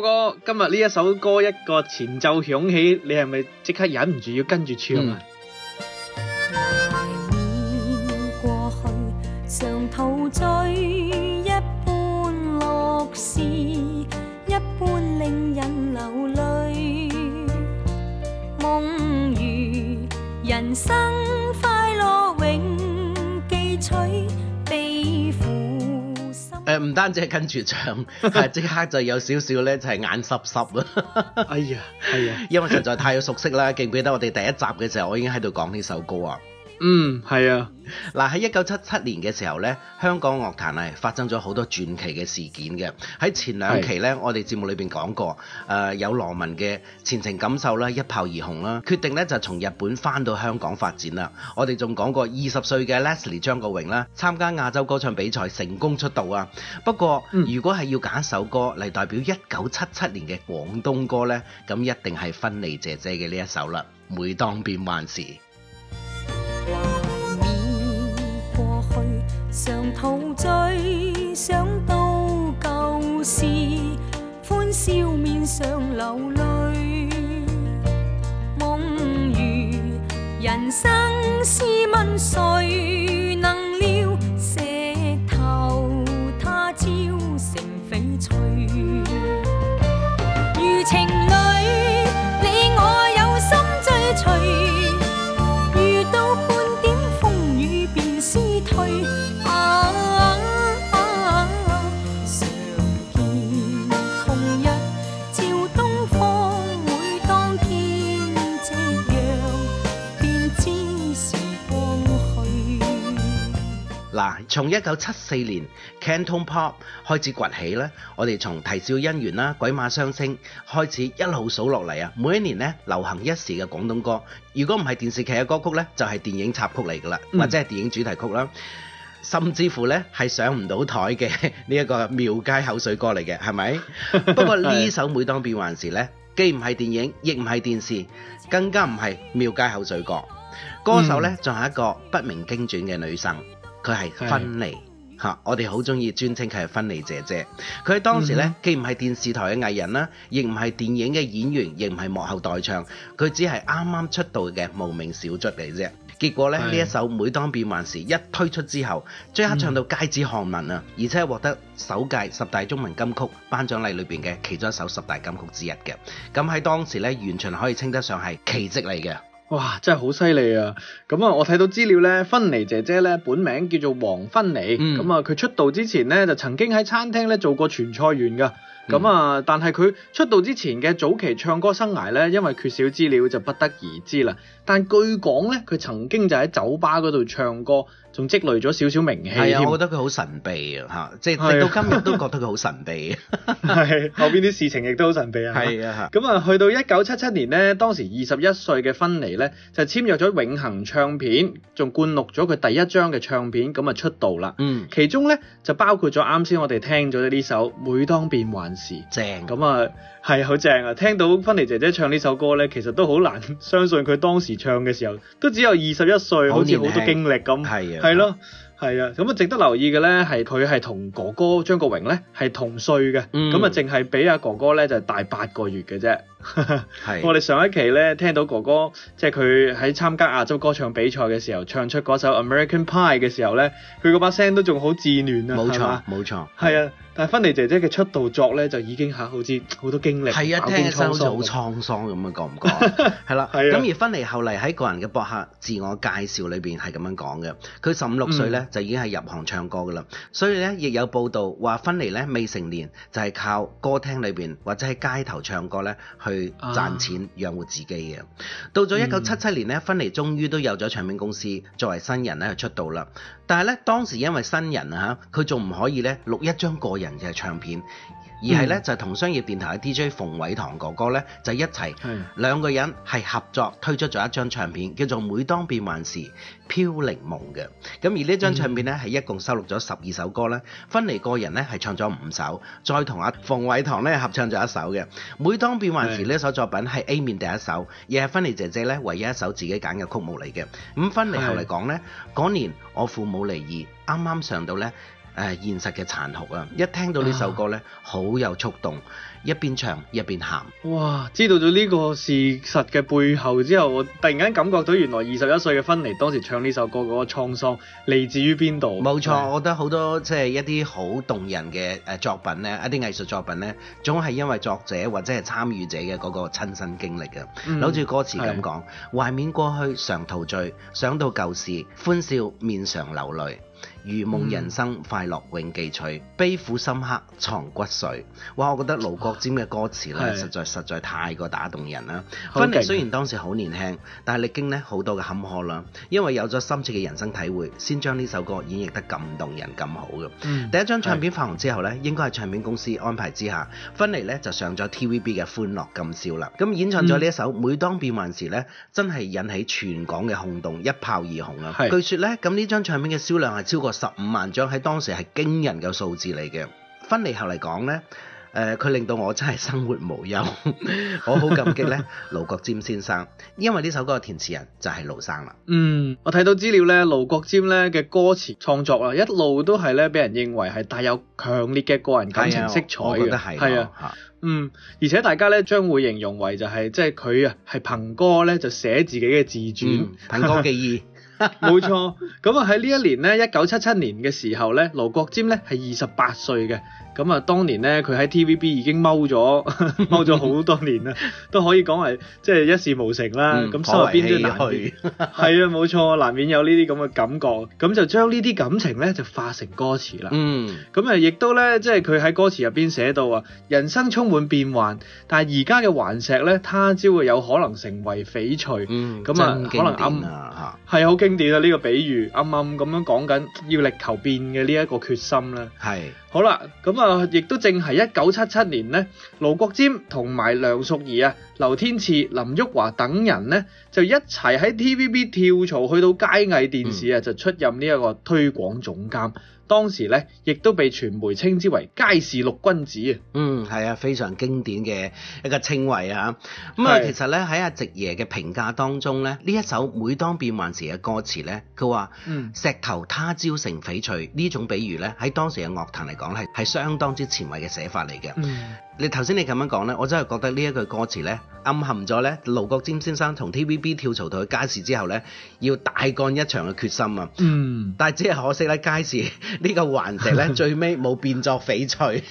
哥哥，今日呢一首歌，一個前奏響起，你係咪即刻忍唔住要跟住唱啊？唔單止係跟住唱，即刻就有少少，就係眼濕濕。哎呀，哎呀，因為實在太熟悉啦，記唔記得我哋第一集嘅時候，我已經喺度講呢首歌啊。嗯，係啊，嗱，喺一九七七年嘅時候呢，香港樂壇係發生咗好多傳奇嘅事件嘅。喺前兩期呢，是我哋節目裏邊講過，誒、呃、有羅文嘅前程感受啦，一炮而紅啦，決定呢就從日本返到香港發展啦。我哋仲講過二十歲嘅 Leslie 張國榮啦，參加亞洲歌唱比賽成功出道啊。不過，嗯、如果係要揀一首歌嚟代表一九七七年嘅廣東歌呢，咁一定係薰妮姐姐嘅呢一首啦。每當變幻時。懷緬過去，常陶醉，想到舊時，歡笑面上流淚。夢如人生，試問誰能？從一九七四年 Canton Pop 開始崛起咧，我哋從啼笑姻緣啦、鬼馬雙星開始一路數落嚟啊！每一年咧流行一時嘅廣東歌，如果唔係電視劇嘅歌曲咧，就係、是、電影插曲嚟噶啦，或者係電影主題曲啦，嗯、甚至乎咧係上唔到台嘅呢一個廟街口水歌嚟嘅，係咪？ 不過呢首每當變幻時咧，既唔係電影，亦唔係電視，更加唔係廟街口水歌，歌手咧仲係一個不明經傳嘅女生。佢係薰妮，我哋好中意尊稱佢係薰妮姐姐。佢喺當時呢既唔係電視台嘅藝人啦，亦唔係電影嘅演員，亦唔係幕後代唱，佢只係啱啱出道嘅無名小卒嚟啫。結果呢，呢是一首《每當變幻時》一推出之後，即刻唱到街知巷聞，啊、嗯，而且獲得首屆十大中文金曲頒獎禮裏面嘅其中一首十大金曲之一嘅。咁喺當時呢完全可以稱得上係奇蹟嚟嘅。哇，真係好犀利啊！咁啊，我睇到資料咧，薰妮姐姐咧本名叫做黃薰妮，咁啊、嗯，佢出道之前咧就曾經喺餐廳咧做過傳菜員噶，咁、嗯、啊，但係佢出道之前嘅早期唱歌生涯咧，因為缺少資料就不得而知啦。但據講咧，佢曾經就喺酒吧嗰度唱歌。仲積累咗少少名氣，係啊，我覺得佢好神秘啊，嚇、啊，即係直到今日都覺得佢好神秘。係後 邊啲事情亦都好神秘啊。係啊，咁啊，去到一九七七年咧，當時二十一歲嘅薰妮咧，就簽約咗永恆唱片，仲灌錄咗佢第一張嘅唱片，咁啊出道啦。嗯，其中咧就包括咗啱先我哋聽咗呢首《每當變幻時》。正咁啊！係好正啊！聽到薰妮姐姐唱呢首歌咧，其實都好難相信佢當時唱嘅時候，都只有二十一歲，很好似好多經歷咁，係啊的，係咯，係啊，咁啊值得留意嘅咧，係佢係同哥哥張國榮咧係同歲嘅，咁啊淨係比阿哥哥咧就大八個月嘅啫。 是我哋上一期咧聽到哥哥，即係佢喺參加亞洲歌唱比賽嘅時候，唱出嗰首《American Pie》嘅時候咧，佢嗰把聲都仲好稚嫩啊！冇錯，冇吧錯，係啊！錯但係薰妮姐姐嘅出道作咧，就已經係、啊、好似好多經歷，飽、啊、好滄桑咁嘅講唔講、啊？係啦、 啊，咁而薰妮後嚟喺個人嘅博客自我介紹裏邊係咁樣講嘅，佢十五六歲咧就已經係入行唱歌噶啦，所以咧亦有報道話薰妮咧未成年就係、是、靠歌廳裏邊或者喺街頭唱歌咧去。賺賺錢養活自己嘅，到咗一九七七年咧，薰妮終於都有咗唱片公司作為新人咧出道啦。但係咧當時因為新人啊佢仲唔可以咧錄一張個人嘅唱片。而係咧、嗯、就同商業電台嘅 DJ 馮偉棠哥哥咧就一齊，兩是個人係合作推出咗一張唱片，叫做《每當變幻時》，飄零夢嘅。咁而呢張唱片呢，係、嗯、一共收錄咗十二首歌啦，薰妮個人呢，係唱咗五首，再同阿馮偉棠咧合唱咗一首嘅《每當變幻時》呢是首作品係 A 面第一首，亦係薰妮姐姐咧唯一一首自己揀嘅曲目嚟嘅。咁薰妮後嚟講呢，嗰是年我父母離異，啱啱上到呢。誒現實嘅殘酷啊！一聽到呢首歌呢好、啊、有觸動，一邊唱一邊喊。哇！知道咗呢個事實嘅背後之後，我突然間感覺到原來二十一歲嘅薰妮，當時唱呢首歌嗰個滄桑嚟自於邊度？冇錯，的我覺得好多即係、就是、一啲好動人嘅誒作品咧，一啲藝術作品呢總係因為作者或者係參與者嘅嗰個親身經歷啊。攞住、嗯、歌詞咁講，懷緬的過去常陶醉，想到舊時歡笑，面常流淚。如夢人生快樂永記取，嗯、悲苦深刻藏骨髓。哇！我覺得盧國沾嘅歌詞咧，是實在實在太過打動人啦。薰妮雖然當時好年輕，但係歷經咧好多嘅坎坷啦，因為有咗深切嘅人生體會，先將呢首歌演繹得咁動人、咁好嘅。嗯、第一張唱片發行之後咧，是應該係唱片公司安排之下，薰妮咧就上咗 TVB 嘅《歡樂今宵》啦。咁演唱咗呢一首《嗯、每當變幻時》咧，真係引起全港嘅轟動，一炮而紅啊！是據說呢，咁呢張唱片嘅銷量係超過十五萬張，喺當時係驚人嘅數字嚟嘅。分離後嚟講呢，誒、呃，佢令到我真係生活無憂，我好感激呢盧 國沾先生，因為呢首歌嘅填詞人就係盧生啦。嗯，我睇到資料呢，盧國沾咧嘅歌詞創作啊，一路都係咧俾人認為係帶有強烈嘅個人感情色彩嘅，係啊，我覺得啊嗯，而且大家呢將會形容為就係、是、即係佢啊係憑歌呢就寫自己嘅自傳，憑、嗯、歌記憶。 冇錯，咁啊喺呢一年咧，一九七七年嘅時候咧，盧國沾咧係二十八歲嘅，咁啊當年咧佢喺 TVB 已經踎咗踎咗好多年啦，都可以講係即係一事無成啦。咁邊都難捱，係啊冇錯，難免有呢啲咁嘅感覺，咁就將呢啲感情咧就化成歌詞啦。嗯，咁啊亦都咧即係佢喺歌詞入邊寫到啊，人生充滿變幻，但係而家嘅環石咧，他朝會有可能成為翡翠。嗯，咁啊可能啱係啊好。經典呢個比喻啱啱咁樣講緊，暗暗要力求變嘅呢一個決心啦。係是，好啦，咁啊，亦都正係一九七七年呢，盧國沾同埋梁淑儀啊、劉天賜、林旭華等人呢，就一齊喺 TVB 跳槽去到佳藝電視啊，就出任呢一個推廣總監。嗯當時咧，亦都被傳媒稱之為街市六君子啊。嗯，係啊，非常經典嘅一個稱謂啊。咁啊是，其實咧喺阿植爺嘅評價當中咧，呢一首每當變幻時嘅歌詞咧，佢話：嗯，石頭他朝成翡翠呢種比喻咧，喺當時嘅樂壇嚟講係係相當之前衞嘅寫法嚟嘅。嗯你頭先你咁樣講呢，我真係覺得呢一句歌詞呢，暗含咗呢，盧國沾先生同 TVB 跳槽到去佳視之後呢，要大幹一場嘅決心啊！嗯，但係只係可惜呢，佳視呢個環石呢， 最尾冇變作翡翠。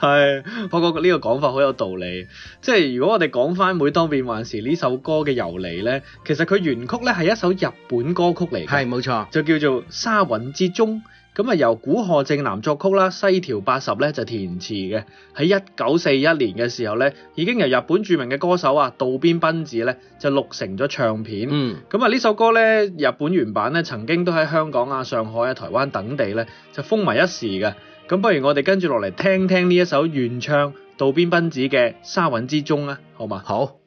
係， 不過呢個講法好有道理。即係如果我哋講返《每當變幻時》呢首歌嘅由嚟呢，其實佢原曲呢係一首日本歌曲嚟嘅。係冇錯，就叫做《莎韻之鐘》。咁啊，由古賀政男作曲啦，西條八十咧就填詞嘅。喺一九四一年嘅時候咧，已經由日本著名嘅歌手啊，渡邊濱子咧就錄成咗唱片。嗯，咁啊，呢首歌咧，日本原版咧，曾經都喺香港啊、上海啊、台灣等地咧就風靡一時嘅。咁不如我哋跟住落嚟聽聽呢一首原唱渡邊濱子嘅《莎韻之鐘》啊，好嘛？好。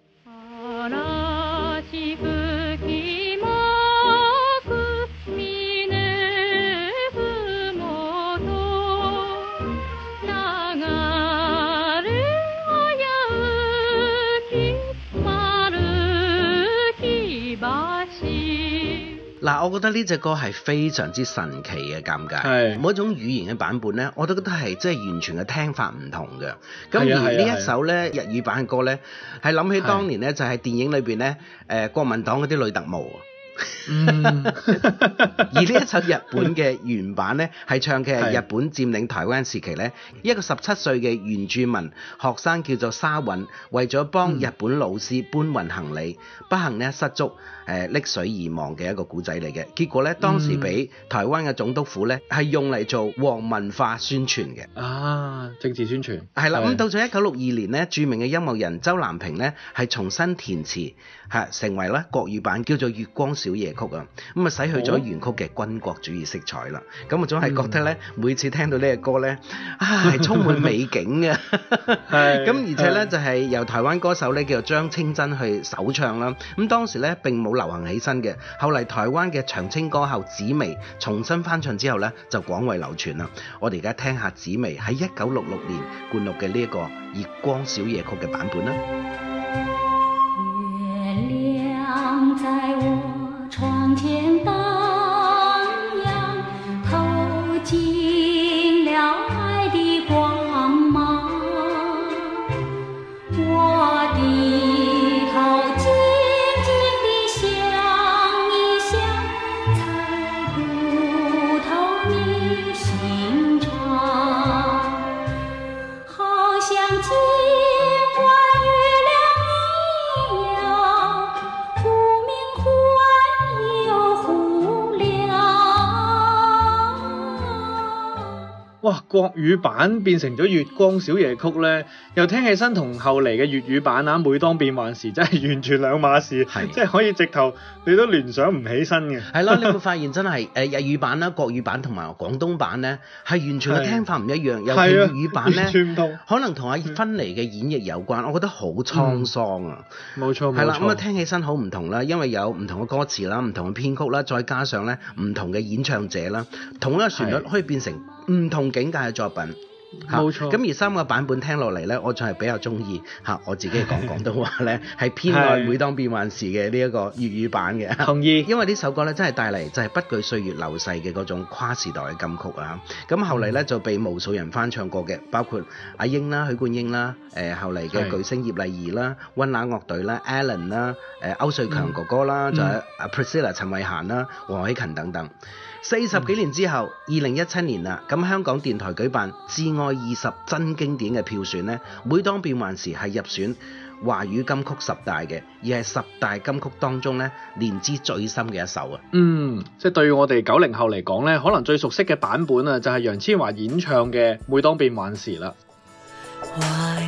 嗱，我覺得呢隻歌係非常之神奇嘅尷尬，的每一種語言嘅版本咧，我都覺得係即係完全嘅聽法唔同嘅。咁的而呢一首咧，日語版嘅歌咧，係諗起當年咧就係電影裏面咧，誒的、呃、國民黨嗰啲女特務。嗯， 而呢一出日本嘅原版呢，係唱嘅日本佔領台灣時期呢的一個十七歲嘅原住民學生叫做莎韻，為咗幫日本老師搬運行李，嗯、不幸咧失足溺、呃、水而亡嘅一個古仔嚟嘅。結果呢，當時俾台灣嘅總督府呢，係用嚟做皇民化宣傳嘅。啊，政治宣傳。係啦的，咁的到咗一九六二年呢，著名嘅音樂人周藍萍呢，係重新填詞嚇，成為咧國語版叫做《月光宣》。小夜曲啊，咁啊洗去咗原曲嘅軍國主義色彩啦，咁我總係覺得咧，每次聽到呢個歌咧，啊係充滿美景嘅，咁而且咧就係由台灣歌手咧叫做張清真去首唱啦，咁當時咧並冇流行起身嘅，後嚟台灣嘅長青歌后紫薇重新翻唱之後咧就廣為流傳啦，我哋而家聽下紫薇喺一九六六年灌錄嘅呢一個月光小夜曲嘅版本啦。哇！國語版變成咗《月光小夜曲》呢，又聽起身同後嚟嘅粵語版啊，《每當變幻時》真係完全兩碼事，係的即係可以直頭你都聯想唔起身嘅。係咯，你會發現真係誒 日語版啦、國語版同埋廣東版呢，係完全嘅聽法唔一樣。係啊的，粵語版呢，的可能同阿薰妮嘅演繹有關，我覺得好滄桑啊。嗯，冇錯，冇錯，係啦，咁啊聽起身好唔同啦，因為有唔同嘅歌詞啦、唔同嘅編曲啦，再加上呢唔同嘅演唱者啦，同一旋律可以變成唔同境界嘅作品，冇錯錯。咁而三個版本聽落嚟呢，我仲係比較中意吓。我自己講廣東話呢，係 偏愛《每當變幻時》嘅呢一個粵語版嘅。同意。因為呢首歌呢，真係帶嚟就係不懼歲月流逝嘅嗰種跨時代嘅金曲啊！咁、嗯、後嚟呢，就被無數人翻唱過嘅，包括阿英啦、許冠英啦、誒、呃、後嚟嘅巨星葉麗儀啦、是溫拿樂隊啦、Alan 啦、呃、誒歐瑞強哥哥啦，仲有阿、嗯啊、Priscilla 陳慧嫻啦、黃偉勤等等。四十幾年之後，二零一七年啦，咁香港電台舉辦《至愛二十真經典》嘅票選呢，每當變幻時係入選華語金曲十大嘅，而係十大金曲當中呢年資最深嘅一首啊。嗯，即係對於我哋九零後嚟講呢，可能最熟悉嘅版本啊，就係楊千嬅演唱嘅《每當變幻時》啦。懷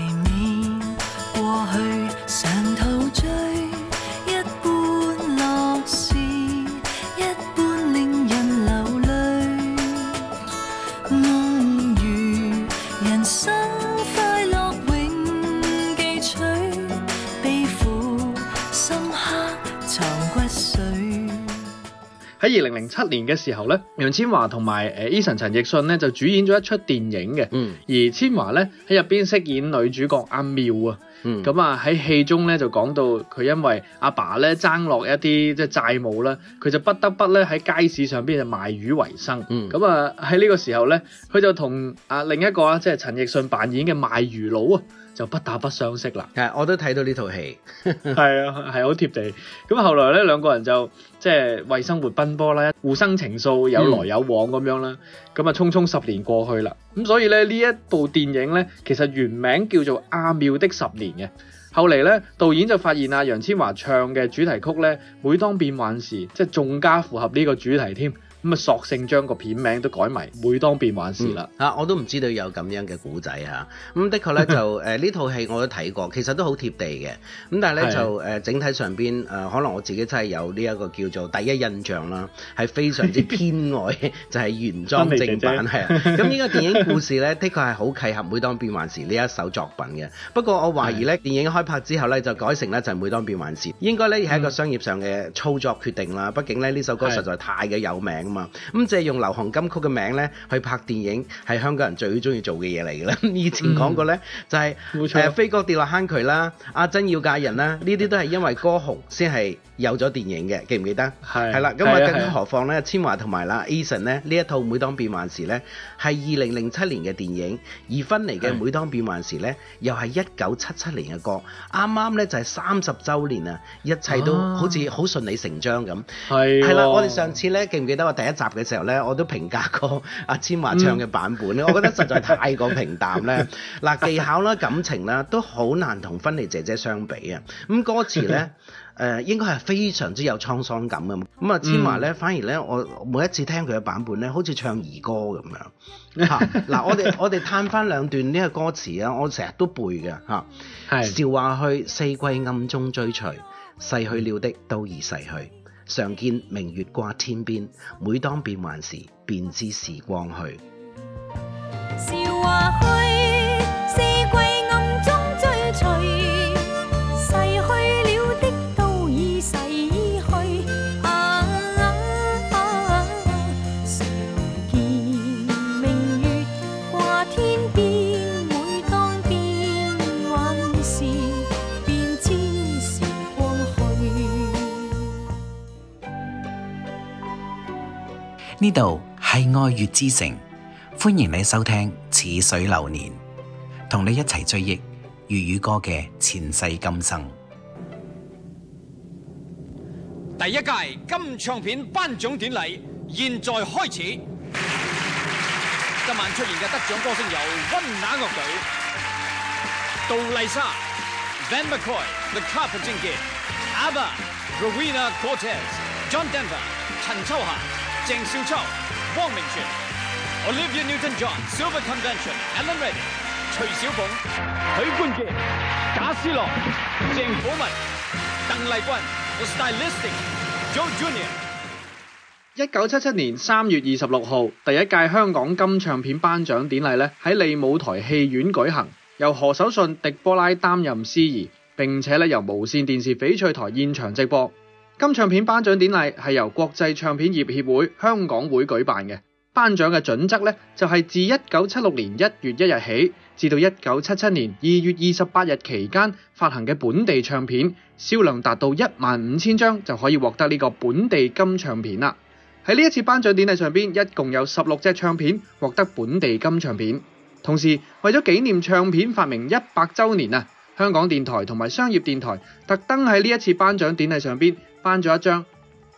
喺二零零七年嘅時候咧，楊千嬅同埋誒 Eason 陳奕迅咧就主演咗一出電影嘅，嗯，而千嬅咧喺入邊飾演女主角阿妙啊，嗯，咁啊喺戲中咧就講到佢因為阿爸咧爭落一啲即係債務啦，佢就不得不咧喺街市上邊就賣魚為生，嗯，咁啊喺呢個時候咧，佢就同阿另一個即係陳奕迅扮演嘅賣魚佬啊。就不打不相識啦。係，我都睇到呢套戲，係 啊，係好貼地。咁後來咧，兩個人就即係、就是、為生活奔波啦，互生情愫，有來有往咁樣啦。咁啊、嗯，就匆匆十年過去啦。咁所以咧，呢一部電影咧，其實原名叫做《阿妙的十年》嘅。後嚟咧，導演就發現啊，楊千嬅唱嘅主題曲咧，每當變幻時，即係仲加符合呢個主題添。咁啊，索性將個片名都改埋《每當變幻時》啦嚇、嗯！我都唔知道有咁樣嘅古仔嚇。咁的確呢，就誒呢套戲我都睇過，其實都好貼地嘅。咁但係呢，是的就誒、呃、整體上邊誒、呃，可能我自己真係有呢一個叫做第一印象啦，係非常之偏愛 就係原裝正版係。咁呢個電影故事呢， 的確係好契合《每當變幻時》呢一首作品嘅。不過我懷疑呢，的電影開拍之後呢，就改成呢，就係《每當變幻時》，應該呢，係一個商業上嘅操作決定啦。嗯、畢竟呢，呢首歌實在太嘅有名。咁即係用流行金曲嘅名咧去拍電影，係香港人最中意做嘅嘢嚟嘅啦。 以前講過咧、就係，就係誒飛哥跌落坑渠啦、啊，阿珍要嫁人啦，呢啲都係因為歌紅先係。有咗電影嘅，記唔記得？係是。係啦，咁啊，啊更何況咧，千嬅同埋啦，Eason 咧呢一套《每當變幻時》咧，係二零零七年嘅電影，而薰妮嘅《每當變幻時》咧，是又係一九七七年嘅歌，啱啱咧就係三十週年啊！一切都好似好順理成章咁。係、啊。係啦，啊、我哋上次咧，記唔記得我第一集嘅時候咧，我都評價過阿、啊、千嬅唱嘅版本咧，嗯、 我覺得實在太過平淡咧。嗱， 技巧啦、感情啦，都好難同薰妮姐姐相比啊。咁歌詞咧。 誒、呃、應該係非常之有滄桑感啊。咁啊，千嬅咧，反而咧，我每一次聽佢嘅版本咧，好似唱兒歌咁樣。嗱、 啊，我哋我哋嘆翻兩段呢個歌詞啊，我成日都背嘅嚇。韶華去，四季暗中追隨，逝去了的都已逝去，常見明月掛天邊，每當變幻時，便知時光去。呢度係愛粵之城，歡迎你收聽《似水流年》，同你一齊追憶粵語歌嘅前世今生。第一屆金唱片頒獎典禮現在開始，今晚出現嘅得獎歌星有温拿樂隊、杜麗莎、Van McCoy、Michael Jackson、Ava、Rowena Cortez、John Denver、陳秋霞。鄭少秋、汪明荃、Olivia Newton-John、John, Silver Convention、Ellen Reddy、徐小鳳、許冠傑、賈思樂、鄭虎文、鄧麗君、The Stylistic、istic, Joe Jr. 一九七七年三月二十六號，第一屆香港金唱片頒獎典禮咧喺利舞台戲院舉行，由何守信、狄波拉擔任司儀，並且咧由無線電視翡翠台現場直播。金唱片頒獎典禮係由國際唱片業協會香港會舉辦嘅。頒獎嘅準則咧就係自一九七六年一月一日起至到一九七七年二月二十八日期間發行嘅本地唱片銷量達到一萬五千張就可以獲得呢個本地金唱片啦。喺呢一次頒獎典禮上邊，一共有十六隻唱片獲得本地金唱片。同時為咗紀念唱片發明一百週年啊，香港電台同埋商業電台特登喺呢一次頒獎典禮上邊，頒咗一張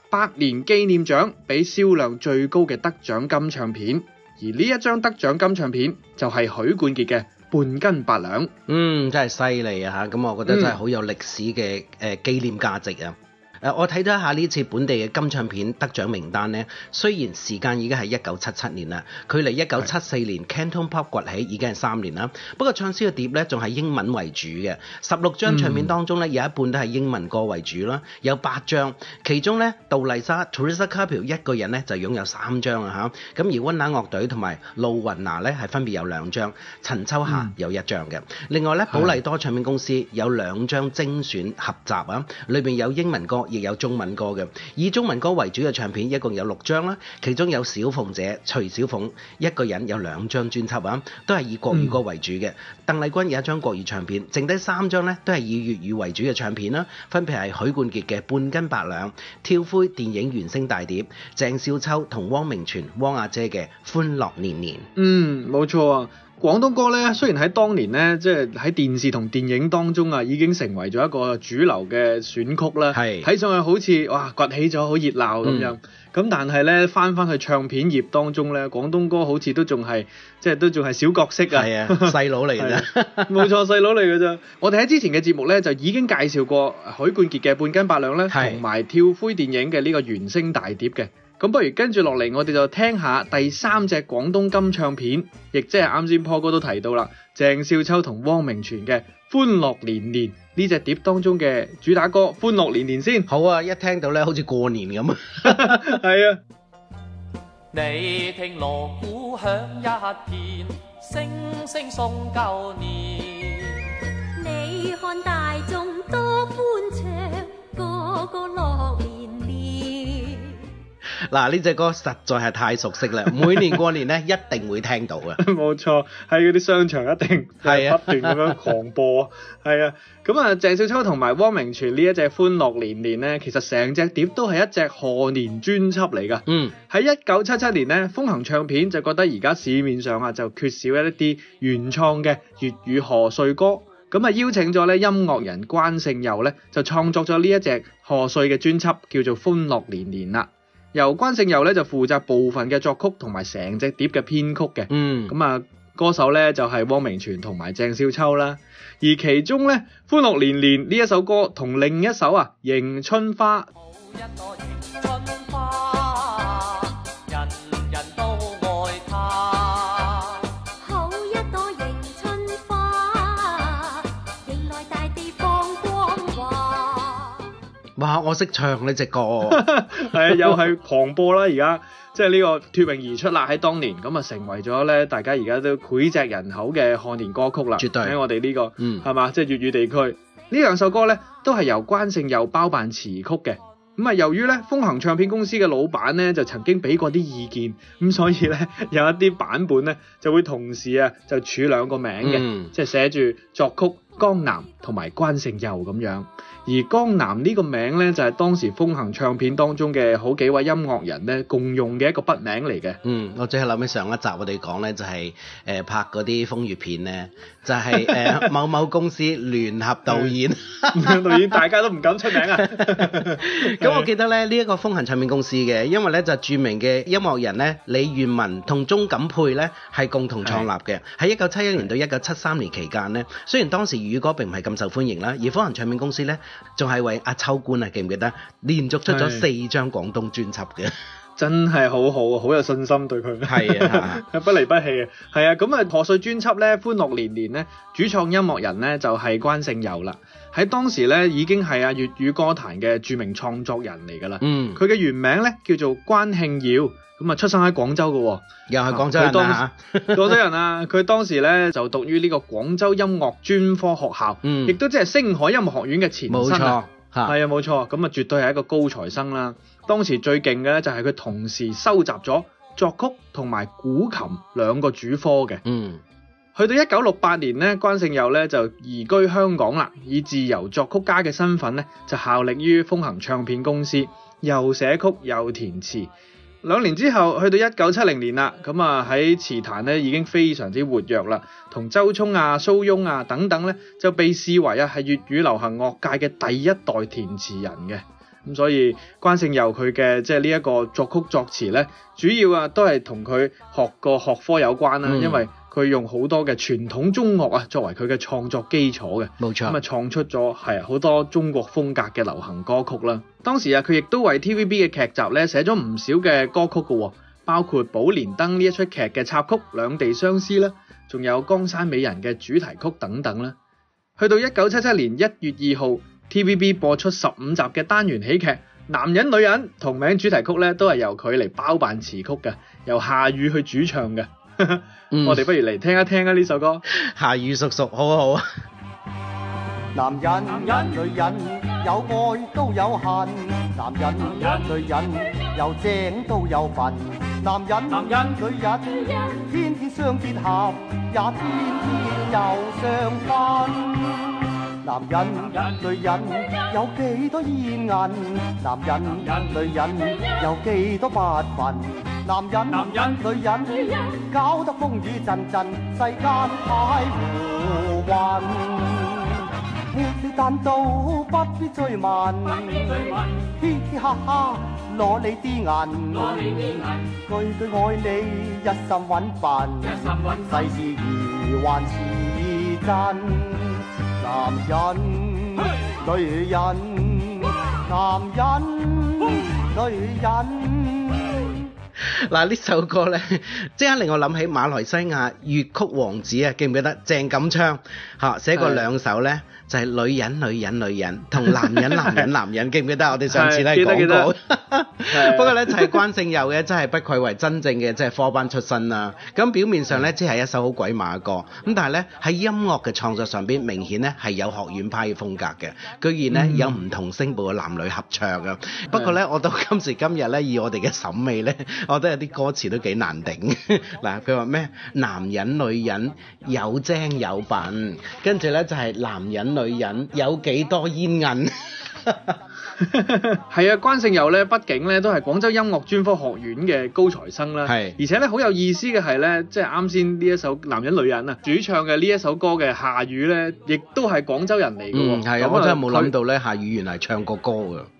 百年紀念獎俾銷量最高嘅得獎金唱片，而呢一張得獎金唱片就係許冠傑嘅《半斤八兩》。嗯，真係犀利啊！吓，咁我覺得真係好有歷史嘅誒紀念價值啊！呃、我睇咗一下呢次本地嘅金唱片得獎名單呢，雖然時間已經係一九七七年啦，距離一九七四年是 Canton Pop 崛起已經係三年啦。不過唱詩嘅碟呢，仲係英文為主嘅，十六張唱片當中呢，有一半都係英文歌為主啦，有八張。其中呢，杜麗莎 Teresa Carpio 一個人呢，就擁有三張啊嚇。咁而溫拿樂隊同埋路雲娜呢，係分別有兩張，陳秋霞有一張嘅。另外呢，寶麗多唱片公司有兩張精選合集啊，裏邊是有英文歌。亦有中文歌嘅，以中文歌為主嘅唱片一共有六張啦，其中有小鳳姐徐小鳳一個人有兩張專輯啊，都係以國語歌為主嘅。鄧麗、嗯、君有一張國語唱片，剩低三張咧都係以粵語為主嘅唱片啦，分別係許冠傑嘅《半斤八兩》、《跳灰》電影原聲大碟、鄭少秋同汪明荃、汪阿姐嘅《歡樂年年》。嗯，冇錯啊。廣東歌咧，雖然喺當年咧，即係喺電視同電影當中啊，已經成為咗一個主流嘅選曲啦。係是。睇上去好似哇，崛起咗好熱鬧咁樣。咁、嗯、但係咧，翻翻去唱片業當中咧，廣東歌好似都仲係，即係都仲係小角色啊。係 啊，細佬嚟㗎。冇錯，細佬嚟㗎啫。 我哋喺之前嘅節目咧，就已經介紹過許冠傑嘅《半斤八兩》咧，同埋跳灰電影嘅呢個原聲大碟嘅。咁不如跟住落嚟，我哋就聽下第三隻廣東金唱片，亦即係啱先破哥都提到啦，鄭少秋同汪明荃嘅《歡樂年年》呢隻碟當中嘅主打歌《歡樂年年》先。好啊，一聽到咧，好似過年咁。係 啊，你聽鑼鼓響一片，聲聲送舊年。你看大眾多歡唱，個個樂。嗱，呢隻歌實在係太熟悉啦！每年過年咧， 一定會聽到嘅。冇錯，喺嗰啲商場一定係不斷咁樣狂播。係 是啊，咁 啊，鄭少秋同埋汪明荃呢一隻《歡樂年年》咧，其實成隻碟都係一隻賀年專輯嚟㗎。嗯，喺一九七七年咧，風行唱片就覺得而家市面上啊就缺少一啲原創嘅粵語賀歲歌，咁啊邀請咗咧音樂人關聖佑咧就創作咗呢一隻賀歲嘅專輯，叫做《歡樂年年》啦。由關聖佑咧就負責部分嘅作曲同埋成隻碟嘅編曲嘅，嗯，咁啊歌手咧就係、是、汪明荃同埋鄭少秋啦，而其中咧《歡樂年年》呢一首歌同另一首啊《迎春花》好一。哇！我識唱呢隻歌，係 又係狂播啦！而家即係呢個脱穎而出啦，喺當年咁啊，就成為咗咧大家而家都膾炙人口嘅賀年歌曲啦。絕對係我哋呢、這個，嗯，係嘛？即、就、係、是、粵語地區呢、嗯、兩首歌咧，都係由關聖佑包辦詞曲嘅。咁啊，由於咧風行唱片公司嘅老闆咧，就曾經俾過啲意見，咁所以咧有一啲版本咧就會同時啊就署兩個名嘅，嗯、即係寫住作曲江南同埋關聖佑咁樣。而江南呢個名呢，就係當時風行唱片當中嘅好幾位音樂人呢共用嘅一個筆名嚟嘅。嗯，我最係諗起上一集我哋講呢就係、是、誒、呃、拍嗰啲風月片呢，就係呃、 某某公司聯合導演，聯合導演大家都唔敢出名啊。咁我記得咧，呢一個風行唱片公司嘅，因為呢就係著名嘅音樂人呢李願聞同鍾錦沛呢係共同創立嘅。喺一九七一年到一九七三年期間呢，雖然當時粵語歌並唔係咁受歡迎啦，而風行唱片公司呢。仲係為阿秋官啊，記唔記得連續出咗四張廣東專輯嘅的， 真係好好，好有信心對佢。係啊的， 是不離不棄啊。係啊，咁啊賀歲專輯咧，歡樂年年咧，主創音樂人咧就係關聖佑啦。喺當時咧已經係啊粵語歌壇嘅著名創作人嚟㗎啦。嗯，佢嘅原名咧叫做關慶耀。咁啊，出生喺廣州嘅、哦，又係廣州人啊！廣州、啊、 人啊，佢當時咧就讀於呢個廣州音樂專科學校，亦都即係星海音樂學院嘅前身，冇錯啊，係啊，冇錯，咁啊，絕對係一個高材生啦。當時最勁嘅咧就係佢同時收集咗作曲同埋古琴兩個主科嘅，嗯，去到一九六八年咧，關聖佑咧就移居香港啦，以自由作曲家嘅身份咧就效力於風行唱片公司，又寫曲又填詞。兩年之後，去到一九七零年啦，咁啊喺詞壇咧已經非常之活躍啦，同周聰啊、蘇翁啊等等咧就被視為啊係粵語流行樂界嘅第一代填詞人嘅，咁所以關聖佑佢嘅即係呢一個作曲作詞咧，主要啊都係同佢學過學科有關啦，嗯、因為。佢用好多嘅傳統中樂啊，作為佢嘅創作基礎嘅，咁啊冇錯，創出咗係好多中國風格嘅流行歌曲啦。當時啊，佢亦都為 TVB 嘅劇集咧寫咗唔少嘅歌曲嘅，包括《寶蓮燈》呢一出劇嘅插曲《兩地相思》啦，仲有《江山美人》嘅主題曲等等啦。去到一九七七年一月二號，TVB 播出十五集嘅單元喜劇《男人女人》，同名主題曲咧都係由佢嚟包辦詞曲嘅，由夏雨去主唱嘅。我哋不如嚟聽一聽啊，呢首歌《夏雨叔叔》，好好。男人，女人，有愛都有恨；男人，女人，有正都有份。男人，男人，女人，天天相結合，也天天又相分。男人，女人，有幾多恩硬？男人，女人，有幾多不忿？男人，女人，搞得風雨陣陣，世間太無韻。不必但道，不必追問，嘻嘻哈哈，攞你啲銀，句句愛你，一心穩笨，世事如幻是真。男人，女人，男人，女人。嗱，呢首歌咧，即刻令我諗起馬來西亞粵曲王子啊，記唔記得鄭錦昌吓寫過兩首咧？就係女人、女人、女人，同男人、男人、男人， 記唔記，記得？我哋上次都係講過。不過咧，就係、是、關聖友關聖佑嘅真係不愧為真正嘅即係科班出身啦、啊。咁表面上咧，即係一首好鬼馬嘅歌，咁但係咧喺音樂嘅創作上邊，明顯咧係有學院派嘅風格嘅。居然咧、嗯、有唔同聲部嘅男女合唱啊！不過咧，我到今時今日咧，以我哋嘅審美咧，我覺得有啲歌詞都幾難頂。嗱，佢話咩？男人、女人有精有品，跟住咧就係、是、男人。女人有幾多煙韌？係 啊，關聖佑咧，畢竟咧都係廣州音樂專科學院嘅高材生啦。係是，而且咧好有意思嘅係咧，即係啱先呢一首《男人女人》啊，主唱嘅呢一首歌嘅夏雨咧，亦都係廣州人嚟嘅喎。係、嗯啊、我真係冇諗到咧，夏雨原來唱過歌㗎。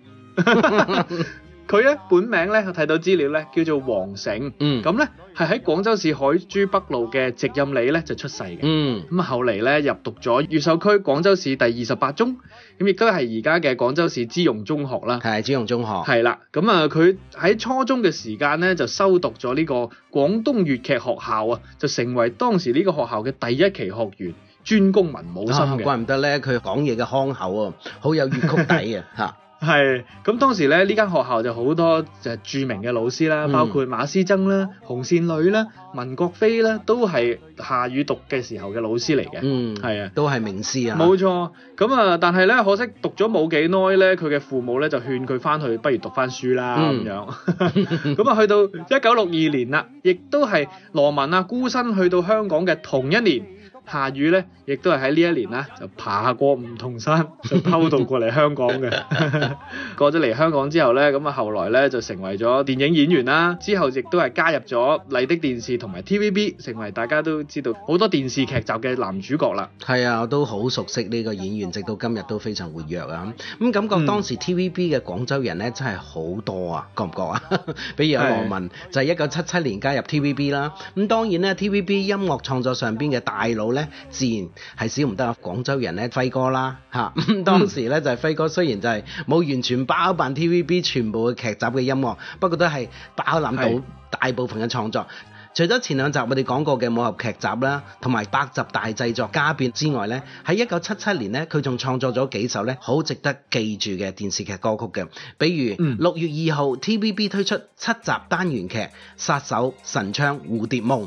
佢咧本名咧，睇到資料咧叫做黃成，咁咧係喺廣州市海珠北路嘅直蔭里咧就出世嘅，咁、嗯、後後嚟咧入讀咗越秀區廣州市第二十八中，咁亦都係而家嘅廣州市知用中學啦，係知用中學，係啦，咁啊佢喺初中嘅時間咧就修讀咗呢個廣東粵劇學校啊，就成為當時呢個學校嘅第一期學員，專攻文武生、啊、怪唔得咧，佢講嘢嘅腔口啊，好有粵曲底啊， 係，咁當時咧呢間學校就好多就著名嘅老師啦，嗯、包括馬師曾啦、紅線女啦、文國飛啦，都係夏雨讀嘅時候嘅老師嚟嘅。嗯，係啊，都係名師啊。冇錯，咁啊，但係咧可惜讀咗冇幾耐咧，佢嘅父母咧就勸佢翻去，不如讀翻書啦咁、嗯、樣。咁啊，去到一九六二年啦，亦都係羅文啊孤身去到香港嘅同一年。夏雨咧，亦都係喺呢一年啦，就爬過梧桐山，就偷渡過嚟香港嘅。 過咗嚟香港之後咧，咁啊後來咧就成為咗電影演員啦。之後亦都係加入咗麗的電視同埋 TVB，成為大家都知道好多電視劇集嘅男主角啦。係啊，我都好熟悉呢個演員，直到今日都非常活躍啊。咁感覺當時 TVB 嘅廣州人咧真係好多啊，覺唔覺啊？ 比如阿羅文就係一九七七年加入 TVB 啦。咁當然咧，TVB 音樂創作上邊嘅大佬咧。自然係少唔得啊！廣州人咧，輝哥啦嚇，嗯、當時咧就係、是、輝哥，雖然就係冇完全包辦 TVB 全部嘅劇集嘅音樂，不過都係包攬到大部分嘅創作。是的 除咗前兩集我哋講過嘅武俠劇集啦，同埋百集大製作《家變》之外咧，喺一九七七年咧，佢仲創作咗幾首咧好值得記住嘅電視劇歌曲嘅，比如六月二號 TVB 推出七集單元劇《殺手神槍蝴蝶夢》。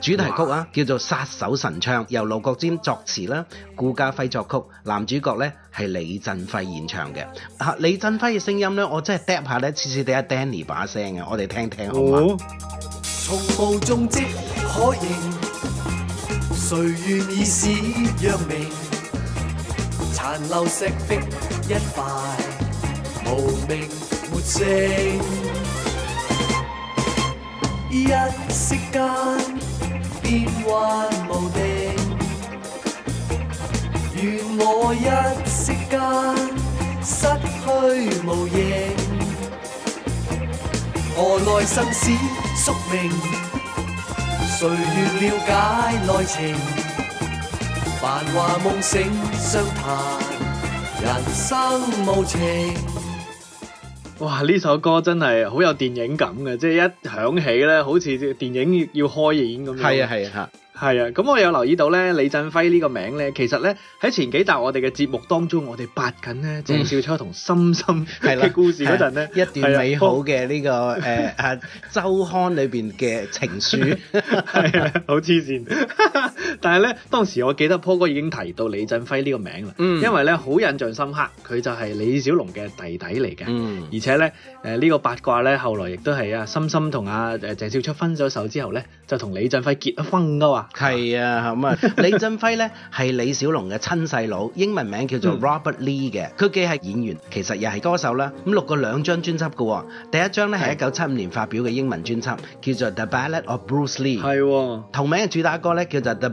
主題曲啊，叫做《殺手神槍》，由盧國沾作詞啦，顧嘉輝作曲，男主角咧係李振輝演唱嘅。吓，李振輝嘅聲音咧，我真係 drop 下咧，似似哋阿 Danny 把聲嘅，我哋聽聽好嘛？一息間變幻無定，願我一息間失去無形。何來生死宿命？誰願了解內情？繁華夢醒，相談人生無情。哇！呢首歌真係好有電影感嘅，即係一響起咧，好似電影要開演咁樣。係啊係啊嚇，係啊！咁我有留意到咧，李振輝呢個名咧，其實咧喺前幾集我哋嘅節目當中，我哋八緊咧鄭少秋同深深嘅故事嗰陣咧，一段美好嘅呢、這個誒啊週刊裏邊嘅情書，係啊，好黐線。 但係咧，當時我記得 Paul 哥已經提到李振輝呢個名啦。嗯，因為咧好印象深刻，佢就係李小龍嘅弟弟嚟嘅。嗯，而且咧，誒、呃、呢、呢個八卦咧，後來亦都係啊，深深同阿誒鄭少秋分咗手之後咧，就同李振輝結咗婚噶話。係啊，咁啊，是啊 李振輝咧係李小龍嘅親細佬，英文名叫做 Robert、嗯、Lee 嘅。佢既係演員，其實又係歌手啦。咁、嗯、錄過兩張專輯嘅，第一張咧係一九七五年發表嘅英文專輯，叫做《The Ballad of Bruce Lee》。係，同名嘅主打歌咧叫做《The》。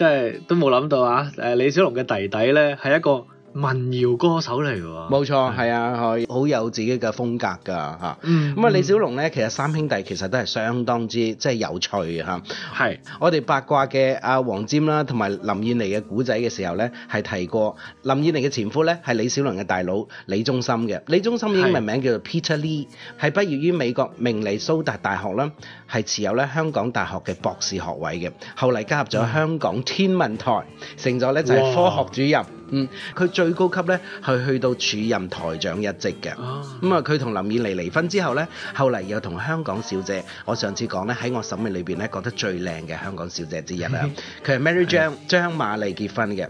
即係都冇諗到啊，誒，李小龍嘅弟弟咧，係一個。民謠歌手嚟嘅喎，冇錯錯，係啊，好、啊、是有自己嘅風格噶嚇。咁啊、嗯，李小龍呢，嗯、其實三兄弟其實都係相當之即係有趣嚇。係是是我哋八卦嘅阿黃占啦、黃霑啦，同埋林燕妮嘅古仔嘅時候呢，係提過林燕妮嘅前夫呢係李小龍嘅大佬李忠琛嘅。李忠琛嘅英文名叫做 Peter 是 Lee，係畢業於美國明尼蘇達大學啦，係持有咧香港大學嘅博士學位嘅。後嚟加入咗香港天文台，嗯、成咗咧就係、是、科學主任。嗯，佢最高級呢，係去到主任台長一職嘅。咁啊、哦，佢同、嗯、林燕妮離婚之後呢，後嚟又同香港小姐，我上次講呢，喺我審美裏面呢，覺得最靚嘅香港小姐之一啦。佢係 Mary 張， 張張瑪麗結婚嘅。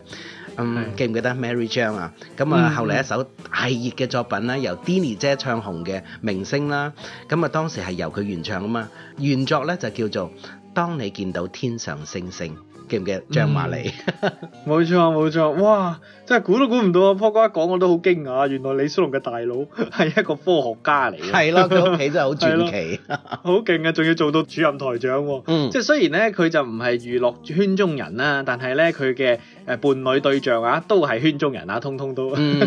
嗯， 記唔記得 Mary 張啊？咁啊，後嚟一首大熱嘅作品啦，由 Deanie 姐唱紅嘅《明星》啦。咁啊，當時係由佢原唱啊嘛，原作呢，就叫做《當你見到天上星星》。張瑪莉、嗯？冇錯冇錯，哇！真係估都估唔到啊！波哥一講我都好驚訝，原來李小龍嘅大佬係一個科學家嚟， 嘅的，係佢屋企真係好傳奇，好勁啊！仲要做到主任台長、啊，嗯、即係雖然咧佢就唔係娛樂圈中人啦、啊，但係咧佢嘅誒伴侶對象啊都係圈中人啊，通通都、嗯，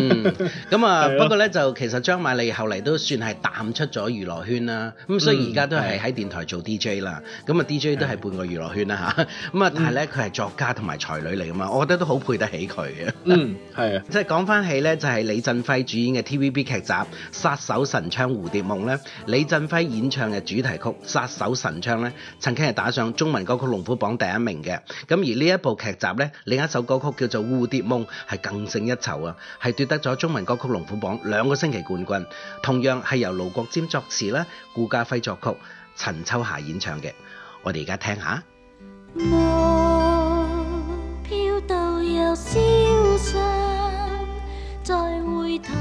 咁啊，是的 不過咧就其實張瑪莉後嚟都算係淡出咗娛樂圈啦、啊，咁、嗯、雖然而家都係喺電台做 DJ 啦，咁啊、嗯、DJ 都係半個娛樂圈啦、啊、吓，咁啊、嗯、 但係咧。佢係作家同埋才女嚟噶嘛，我覺得都好配得起佢嘅。嗯，係啊。即係講翻起咧，就係李振輝主演嘅 TVB 劇集《殺手神槍蝴蝶夢》咧。李振輝演唱嘅主題曲《殺手神槍》咧，曾經係打上中文歌曲龍虎榜第一名嘅。咁而呢一部劇集咧，另一首歌曲叫做《蝴蝶夢》，係更勝一籌啊，係奪得咗中文歌曲龍虎榜兩個星期冠軍。同樣係由盧國沾作詞啦，顧嘉輝作曲，陳秋霞演唱嘅。我哋而家聽下。霧飄到又消散，再回頭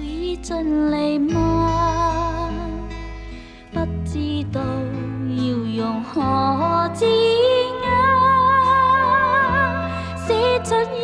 已盡離漫，不知道要用何字眼、啊，寫出。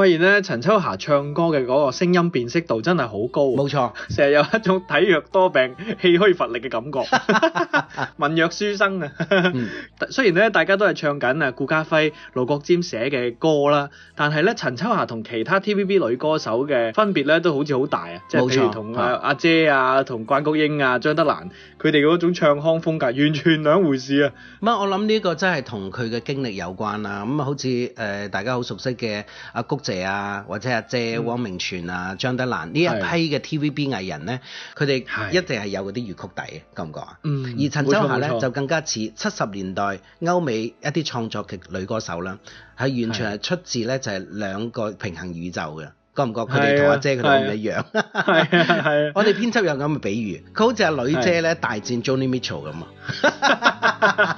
發現咧，陳秋霞唱歌嘅個聲音辨識度真係好高、啊，冇錯錯，成日有一種體弱多病、氣虛乏力嘅感覺， 文弱書生啊。 嗯、雖然咧大家都係唱緊啊顧嘉輝盧國沾寫嘅歌啦，但係咧陳秋霞同其他 TVB 女歌手嘅分別咧都好似好大啊，即係錯譬如同阿阿姐啊、同關菊英啊、張德蘭佢哋種唱腔風格完全兩回事啊。咁啊、嗯，我諗呢個真係同佢嘅經歷有關啦。咁啊，好似誒、呃、大家好熟悉嘅阿菊。啊謝啊，或者阿姐、汪明荃啊、張德蘭呢一批嘅 TVB 藝人呢，佢哋一定係有嗰啲粵曲底，覺唔覺啊？而陳秋霞呢，就更加似七十年代歐美一啲創作嘅女歌手啦，係完全係出自呢，就係兩個平衡宇宙嘅，覺唔覺？佢哋同阿姐佢哋唔一樣。我哋編輯有咁嘅比喻，佢好似阿女姐呢，大戰 Jonny Mitchell 咁啊，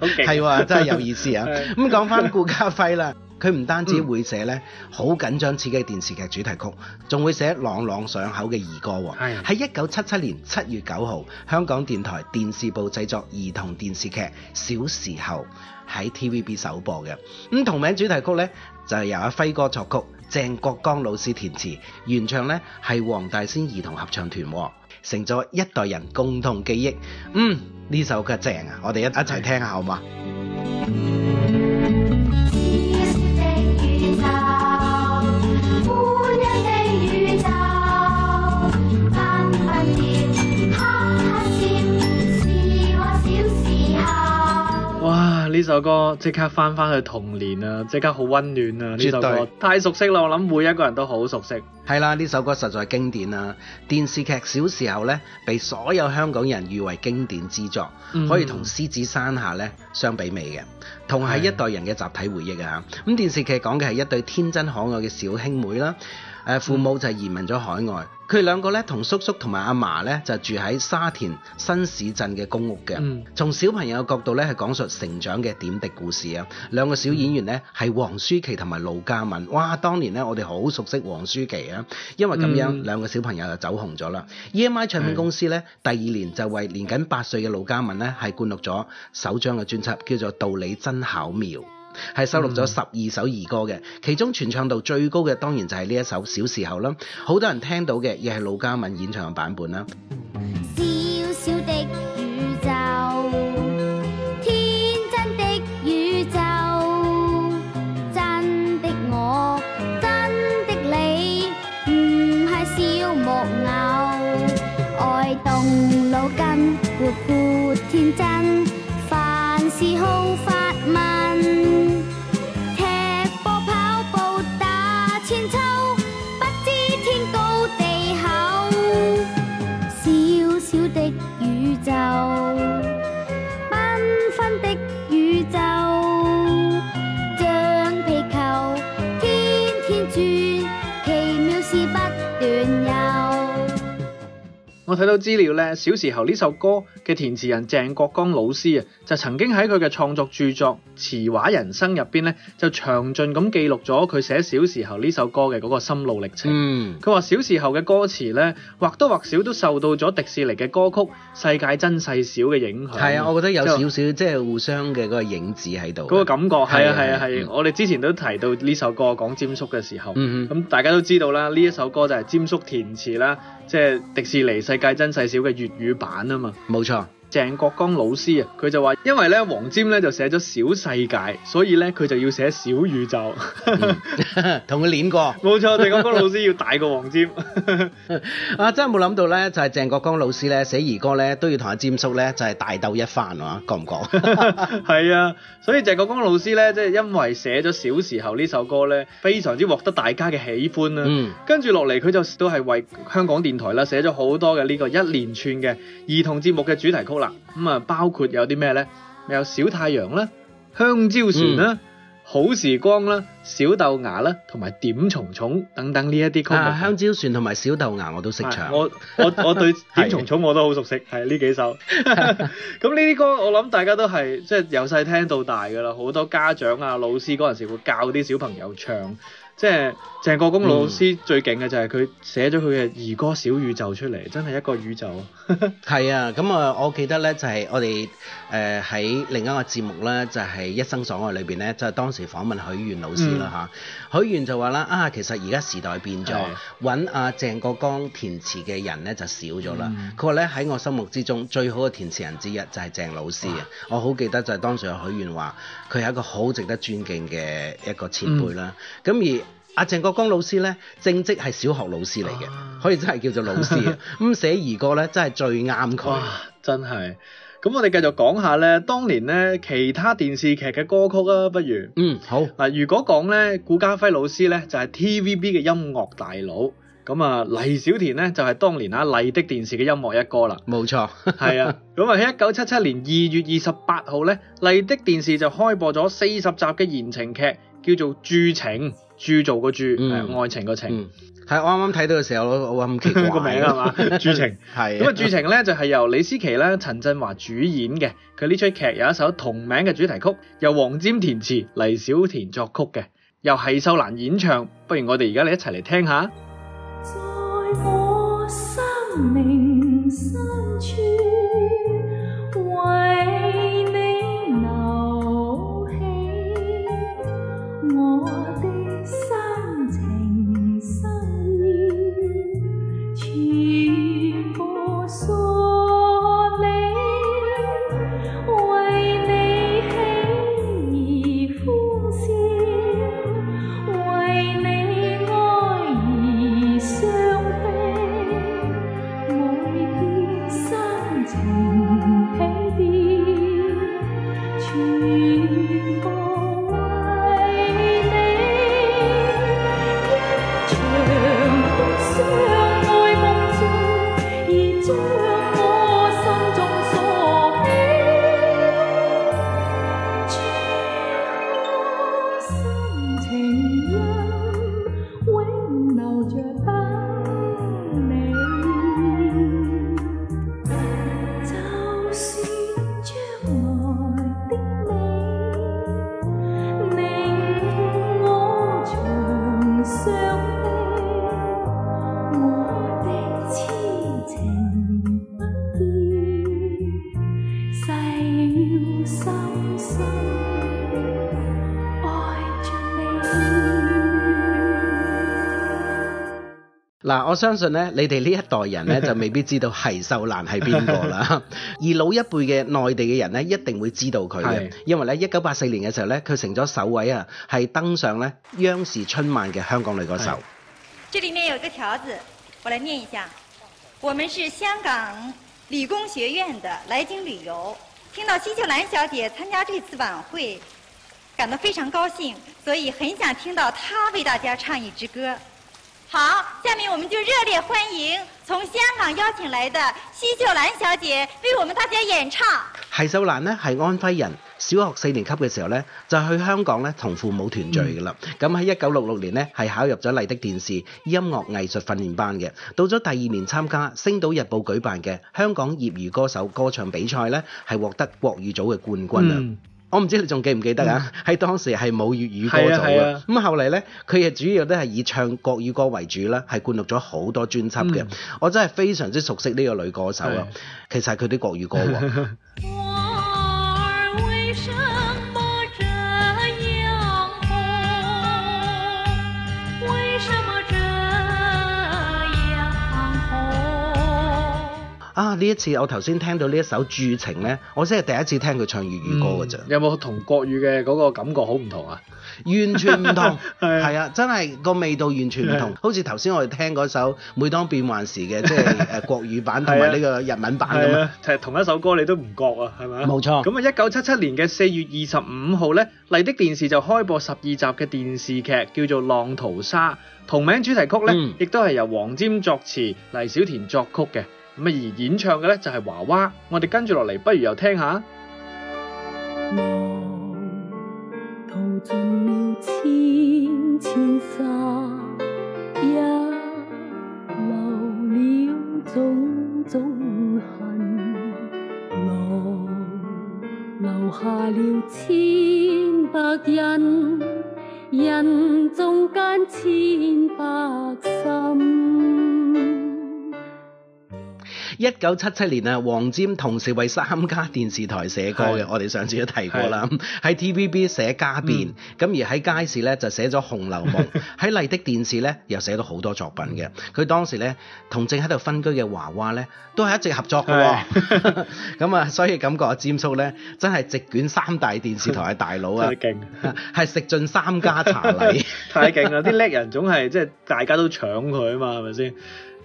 係真係有意思啊！咁講翻顧嘉輝啦。佢唔單止會寫咧好緊張刺激電視劇主題曲，仲會寫朗朗上口嘅兒歌喎。喺一九七七年七月九號，香港電台電視部製作兒童電視劇《小時候》喺 TVB 首播嘅。咁同名主題曲呢，就係由阿輝哥作曲，鄭國江老師填詞，原唱呢係黃大仙兒童合唱團，成咗一代人共同記憶。嗯，呢首歌正啊，我哋一一齊聽下好嗎？嗯呢首歌即刻返返去童年啊，即刻好溫暖啊！呢對首歌太熟悉啦，我諗每一個人都好熟悉。係啦、啊，呢首歌實在經典啊。電視劇《小時候》咧，被所有香港人譽為經典之作，嗯、哼可以同《獅子山下》呢咧相比美嘅，同係一代人嘅集體回憶啊！咁是電視劇講嘅係一對天真可愛嘅小兄妹啦。誒父母就移民咗海外，佢哋兩個咧同叔叔同埋阿嫲咧就住喺沙田新市鎮嘅公屋嘅。從、嗯、小朋友嘅角度咧，係講述成長嘅點滴故事啊。兩個小演員咧係黃舒琪同埋盧嘉敏，哇！當年咧我哋好熟悉黃舒琪啊，因為咁樣兩個小朋友就走紅咗啦。嗯、EMI 唱片公司咧、嗯、第二年就為年僅八歲嘅盧嘉敏咧係灌錄咗首張嘅專輯，叫做《道理真巧妙》。係收錄咗十二首兒歌嘅，其中傳唱度最高嘅當然就係呢一首《小時候》啦，好多人聽到嘅亦係盧家敏演唱嘅版本啦。我睇到資料咧，小時候呢首歌嘅填詞人鄭國江老師啊，就曾經喺佢嘅創作著作《詞畫人生》入邊咧，就詳盡咁記錄咗佢寫小時候呢首歌嘅嗰個心路歷程。嗯，佢話小時候嘅歌詞咧，或多或少都受到咗迪士尼嘅歌曲《世界真細小》嘅影響。係啊，我覺得有少少即係就互相嘅嗰個影子喺度。嗰個感覺係啊係啊係，我哋之前都提到呢首歌講沾叔嘅時候，咁、嗯、哼大家都知道啦，呢一首歌就係沾叔填詞啦。即係迪士尼世界真細小嘅粵語版啊嘛，冇錯。鄭國江老師啊，佢就話，因為咧黃霑咧就寫咗小世界，所以咧佢就要寫小宇宙，同佢練過，冇錯，鄭國江老師要大過黃霑 啊，啊真係冇諗到咧，就係鄭國江老師咧寫兒歌咧都要同阿霑叔咧就係大鬥一番啊，覺唔覺？係啊，所以鄭國江老師咧即係因為寫咗小時候呢首歌咧，非常之獲得大家嘅喜歡啊。嗯、跟住落嚟佢就都係為香港電台啦寫咗好多嘅呢個一連串嘅兒童節目嘅主題曲。咁啊，包括有啲咩呢？有小太陽啦、香蕉船啦、嗯、好時光啦、小豆芽啦，同埋點蟲蟲等等呢一啲曲目。香蕉船同埋小豆芽我都識唱。我我我對點蟲蟲我都好熟悉，係呢 的幾首。咁呢啲歌我諗大家都係即係由細聽到大噶啦，好多家長啊、老師嗰陣時會教啲小朋友唱。即係鄭國江老師最勁嘅就係佢寫咗佢嘅兒歌小宇宙出嚟，嗯、真係一個宇宙。係 啊，咁啊，我記得呢就係、是、我哋誒喺另一個節目呢，就係、是、一生所愛裏邊呢，就係、是、當時訪問許願老師啦吓。許願、嗯啊、就話啦啊，其實而家時代變咗，揾阿鄭國江填詞嘅人呢就少咗啦。佢話、嗯、呢，喺我心目之中最好嘅填詞人之一就係鄭老師。哇我好記得就係當時阿許願話佢係一個好值得尊敬嘅一個前輩啦。咁、嗯、而阿鄭國江老師咧，正職係小學老師嚟嘅，啊、可以真係叫做老師咁寫兒歌咧，真係最啱佢哇！真係咁，我哋繼續講下咧。當年咧，其他電視劇嘅歌曲啊，不如嗯好嗱、啊。如果講咧，顧嘉輝老師咧就係、是、T V B 嘅音樂大佬咁啊。黎小田咧就係、是、當年啊，麗的電視嘅音樂一哥啦，冇錯係啊。咁啊，喺一九七七年二月二十八號咧，麗的電視就開播咗四十集嘅言情劇，叫做《鑄情》。鑄造個鑄，係、嗯呃、愛情個情，係、嗯、我啱啱睇到嘅時候，我話咁奇怪個名係嘛，鑄 主情係咁啊！鑄主情咧就係由李思琪咧、陳振華主演嘅，佢呢出劇有一首同名嘅主題曲，由黃沾填詞、黎小田作曲嘅，由奚秀蘭演唱。不如我哋而家嚟一齊嚟聽下。在我生命我相信呢，你哋呢一代人呢，就未必知道奚秀蘭係邊個啦，而老一輩嘅內地嘅人呢，一定會知道佢嘅，因為呢，一九八四年嘅時候呢，佢成咗首位啊，係登上呢央視春晚嘅香港女歌手。 這裏面有個條子，我來念一下。我們是香港理工學院的，來京旅遊，聽到奚秀蘭小姐參加這次晚會，感到非常高興，所以很想聽到她為大家唱一支歌。好，下面我們就熱烈歡迎從香港邀請來的奚秀蘭小姐為我們大家演唱。奚秀蘭呢，係安徽人，小學四年級嘅時候呢，就去香港呢同父母團聚噶啦。咁喺一九六六年呢，係考入咗麗的電視音樂藝術訓練班嘅。到咗第二年參加《星島日報》舉辦嘅香港業餘歌手歌唱比賽呢，係獲得國語組嘅冠軍啊。嗯我唔知你仲記唔記得啊？喺當時係冇粵語歌組嘅，咁後嚟呢，佢亦主要都係以唱國語歌為主啦，係灌錄咗好多專輯嘅。嗯、我真係非常之熟悉呢個女歌手啊。是其實佢啲國語歌喎。 呢一次我頭先聽到呢一首《鑄情》呢，我真係第一次聽佢唱粵語歌㗎咋、嗯、有冇同國語嘅嗰個感覺好唔同啊？完全唔同，係啊 的，真係個味道完全唔同。的好似頭先我哋聽嗰首《每當變幻時》嘅， 即係誒國語版同埋呢個日文版咁啊 的，同一首歌你都唔覺啊，係咪？冇錯錯。咁啊，一九七七年嘅四月二十五號呢，麗的電視就開播十二集嘅電視劇，叫做《浪淘沙》，同名主題曲呢、嗯、亦都係由黃霑作詞，黎小田作曲嘅。咁而演唱嘅呢，就係「華娃」。我哋跟住落嚟，不如又聽下：「浪淘盡了千千沙，也流了種種恨，浪留下了千百印，人中間千百心。」一九七七年啊，黃霑同時為三家電視台寫歌嘅，的我哋上次都提過啦。喺的 TVB 寫家《家變、嗯》，咁而喺佳視咧就寫咗《紅樓夢》，喺 麗的電視咧又寫咗好多作品嘅。佢當時咧同正喺度分居嘅華娃咧，都係一直合作嘅。咁啊是的， 所以感覺啊，霑叔咧真係席捲三大電視台嘅大佬啊，太勁！係 食盡三家茶禮， 太勁啦！啲叻人總係即係大家都搶佢啊嘛，係咪先？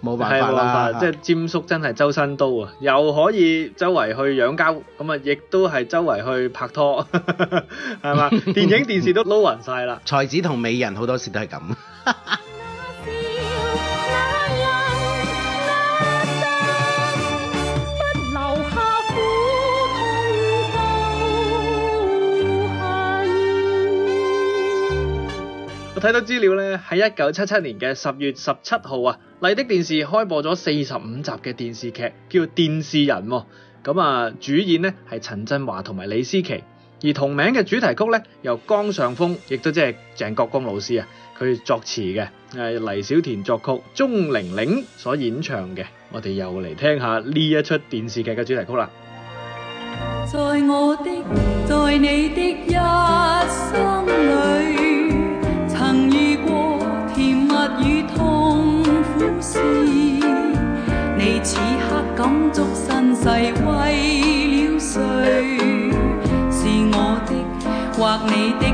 冇辦法，冇辦法，即係占叔真係周身刀啊！又可以周圍去養家，咁啊，亦都係周圍去拍拖，係 嘛吧？ 電影電視都撈勻晒啦。 才子同美人好多時都係咁。我睇到資料咧，喺一九七七年嘅十月十七號啊，麗的電視開播咗四十五集嘅電視劇，叫做《電視人》喎。咁啊，主演呢係陳振華同埋李思琪，而同名嘅主題曲咧由江上風，亦都即係鄭國江老師啊，佢作詞嘅，係黎小田作曲，鐘玲玲所演唱嘅。我哋又嚟聽下呢一出電視劇嘅主題曲啦。在我的，在你的一生裏。你此刻感觸，身世，為了誰？是我的，或你的？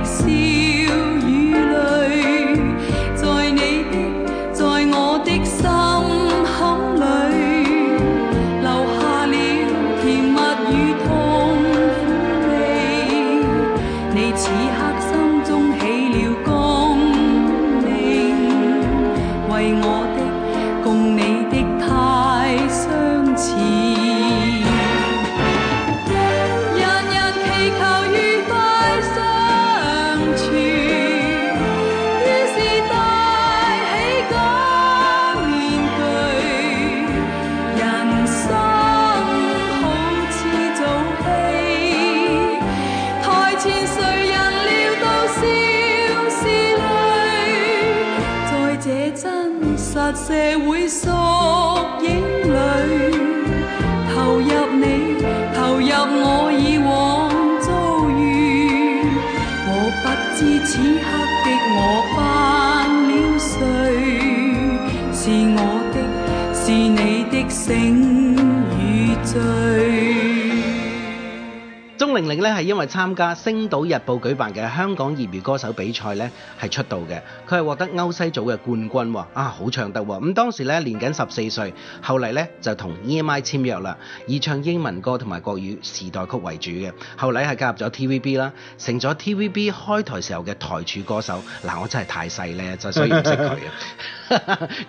咧，係因為參加《星島日報》舉辦嘅香港業餘歌手比賽咧，係出道嘅。佢係獲得歐西組嘅冠軍啊，好、啊、唱得喎、啊！咁當時咧年僅十四歲，後嚟咧就同 EMI 簽約啦，以唱英文歌同埋國語時代曲為主嘅。後嚟係加入咗 TVB 啦，成咗 TVB 開台時候嘅台柱歌手。嗱、啊，我真係太細咧，就所以唔識佢。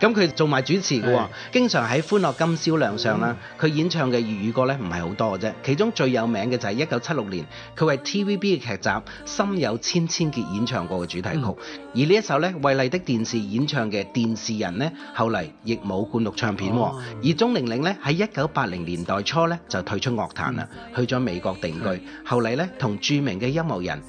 咁佢做埋主持嘅，經常喺《歡樂今宵》亮相啦。佢、嗯、演唱嘅粵語歌咧唔係好多嘅啫，其中最有名嘅就係一九七六年。佢為 TVB 嘅劇集《心有千千結》演唱過嘅主題曲，嗯、而呢一首咧為麗的電視演唱嘅《電視人》呢，後嚟亦冇灌錄唱片。哦、而鍾玲玲呢，喺一九八零年代初咧就退出樂壇啦，嗯、去咗美國定居。嗯、後嚟咧同著名嘅音樂人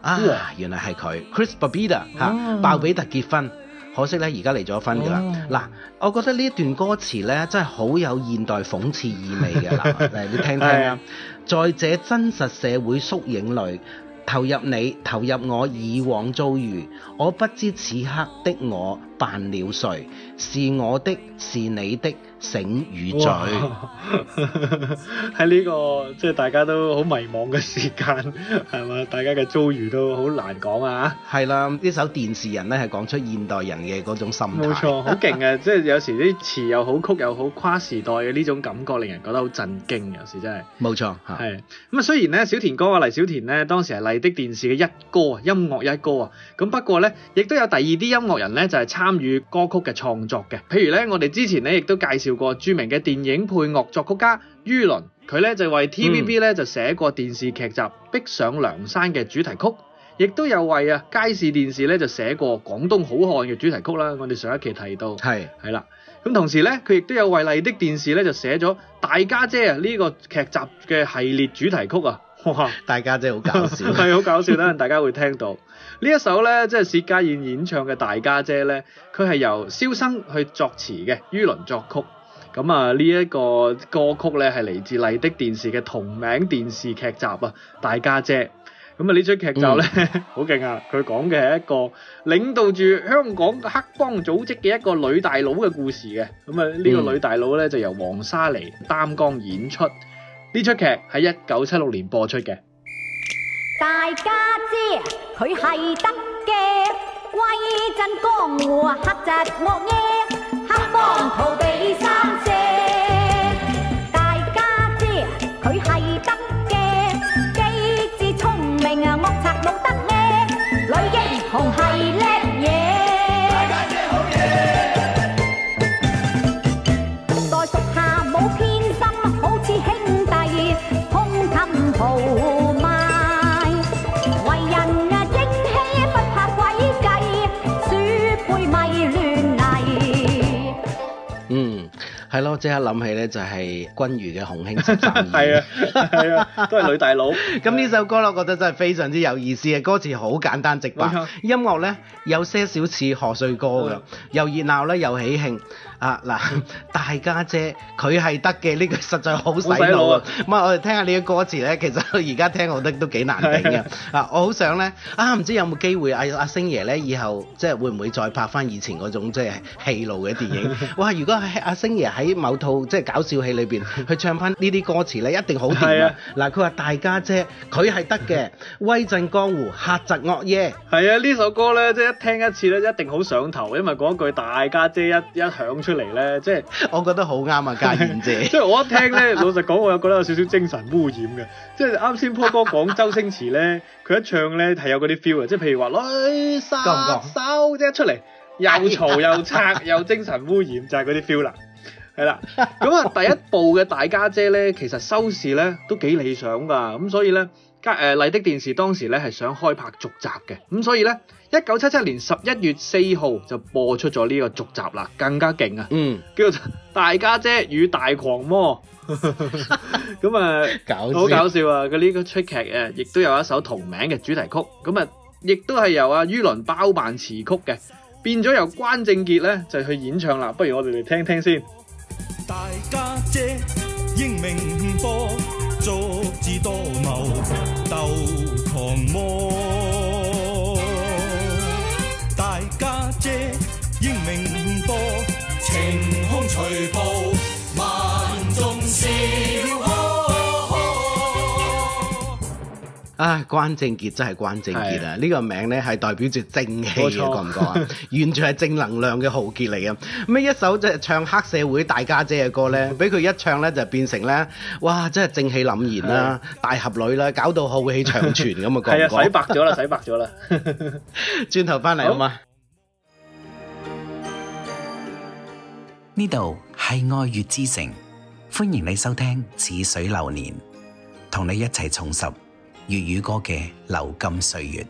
啊，嗯、原來係佢 Chris Babida 吓、啊，鮑比特結婚。可惜咧，而家離咗婚噶啦。嗱，我覺得呢一段歌詞咧，真係好有現代諷刺意味嘅。嚟，你聽聽啊！在這真實社會縮影裏投入你，投入我以往遭遇，我不知此刻的我扮了誰，是我的，是你的。醒與醉喺呢、這個即係大家都好迷茫嘅時間，係嘛？大家嘅遭遇都好難講啊！係啦、啊，呢、啊、首電視人咧係講出現代人嘅嗰種心態，冇錯，好勁啊！ 即係有時啲詞又好，曲又好，跨時代嘅呢種感覺令人覺得好震驚，有時真係冇錯吓，係咁啊。雖然咧小田哥啊黎小田咧當時係麗的電視嘅一哥啊，音樂一哥啊，咁不過咧亦都有第二啲音樂人咧就係參與歌曲嘅創作嘅，譬如咧我哋之前咧亦都介紹。跳過著名嘅電影配樂作曲家于粦，佢咧就為 TVB 咧就寫過電視劇集《逼上梁山》嘅主題曲，亦都有為啊佳視電視咧就寫過《廣東好漢》嘅主題曲啦。我哋上一期提到係係啦，咁同時咧佢亦都有為麗的電視咧就寫咗《大家姐》啊呢個劇集嘅系列主題曲啊，哇！大家姐好搞笑，係好搞笑啦！大家會聽到呢一首咧，即係薛家燕演唱嘅《大家姐》咧，佢係由蕭生去作詞嘅，于粦作曲。咁啊，呢一個歌曲咧係嚟自麗的電視嘅同名電視劇集啊，《大家姐》。咁啊，呢出劇集咧好勁啊！佢講嘅係一個領導住香港黑幫組織嘅一個女大佬嘅故事嘅。咁啊，呢個女大佬咧、嗯、就由黃沙嚟擔綱演出。呢出劇喺一九七六年播出嘅。大家姐，佢係得嘅，威震江湖啊，黑籍惡耶，黑幫圖比。佢係。係咯，即 刻諗起咧就係君如嘅 《洪興十三妹》，係啊，係啊，都係女大佬。咁呢 首歌咧，我覺得真係非常之有意思嘅，歌詞好簡單直白，錯音樂咧有些少似賀歲歌嘅，又熱鬧咧又喜慶。啊嗱，大家姐佢係得嘅呢句，實在好洗腦啊！咁啊我哋聽下你嘅歌詞咧，其實我而家聽，我覺得都幾難頂嘅。啊，我好想咧，啊唔知有冇機會啊啊星爺咧，以後即係會唔會再拍翻以前嗰種即係戲路嘅電影？哇！如果係阿星爺喺某套即係搞笑戲裏邊去唱翻呢啲歌詞咧，一定好掂啊！嗱，佢話大家姐佢係得嘅，威震江湖，嚇窒惡耶。係啊，呢首歌咧，即係一聽一次咧，一定好上頭，因為嗰句大家姐一一響。出嚟咧，即係我覺得好啱啊！家燕姐，即係 我一聽咧，老實講，我又覺得有少少精神污染嘅。即係啱先波哥講周星馳咧，佢一唱咧係有嗰啲 feel 嘅，即係譬如話女殺手即一出嚟又嘈又拆又精神污染， 就係嗰啲 feel 啦。係啦，咁啊第一部嘅《大家姐》咧，其實收視咧都幾理想㗎，咁所以咧。家誒麗的電視當時咧係想開拍續集嘅，咁所以咧，一九七七年十一月四號就播出咗呢個續集啦，更加勁啊！嗯，叫做《大家姐與大狂魔》，咁啊 那，好搞笑啊！佢呢、這個出劇誒，亦都有一首同名嘅主題曲，咁啊，亦都係由阿于粦包辦詞曲嘅，變咗由關正傑咧就去演唱啦。不如我哋嚟聽聽先。大家姐英明多，足智多謀。鬥狂魔，大家姐，姐英明多，晴空隨暴，隨步萬眾笑。啊，關正傑真係關正傑啊！呢個名咧係代表住正氣，覺唔覺啊？完全係正能量嘅豪傑嚟嘅。咩一首即係唱黑社會大家姐嘅歌咧，俾佢一唱咧就變成咧，哇！真係正氣凜然啦，大俠女啦，搞到浩氣長存咁啊！覺唔覺啊？洗白咗啦，洗白咗啦，轉頭翻嚟啊嘛！呢度係愛粵之城，歡迎你收聽《似水流年》，同你一齊重拾。粵語歌嘅《流金歲月》。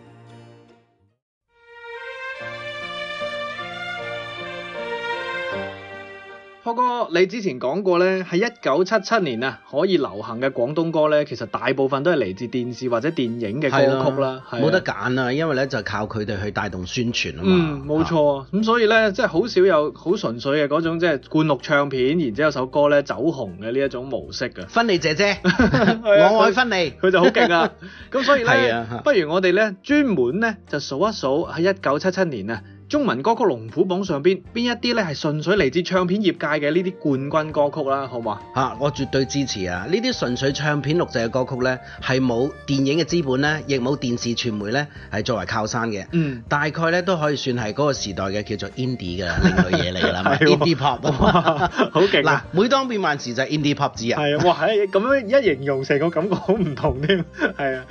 哥哥，你之前講過咧，喺一九七七年啊，可以流行嘅廣東歌咧，其實大部分都係嚟自電視或者電影嘅歌曲啦，冇、啊啊、得揀啊，因為咧就靠佢哋去帶動宣傳啊嘛。嗯，冇錯，咁、啊、所以咧，即係好少有好純粹嘅嗰種即係灌錄唱片，然之後首歌咧走紅嘅呢一種模式嘅。薰妮姐姐，我愛 薰妮，佢 就好勁啊。咁所以咧，不如我哋咧專門咧就數一數喺一九七七年啊。中文歌曲龍虎榜上邊，邊一啲咧係純粹嚟自唱片業界嘅呢啲冠軍歌曲啦，好唔好、嚇、我絕對支持啊！呢啲純粹唱片錄製嘅歌曲咧，係冇電影嘅資本咧，亦冇電視傳媒咧係作為靠山嘅。嗯，大概咧都可以算係嗰個時代嘅叫做 indie 嘅另類嘢嚟啦，indie pop 啊，好勁！嗱，每當變幻時就係 indie pop 字啊。係啊，哇！咁樣一形容成個感覺好唔同添，係啊，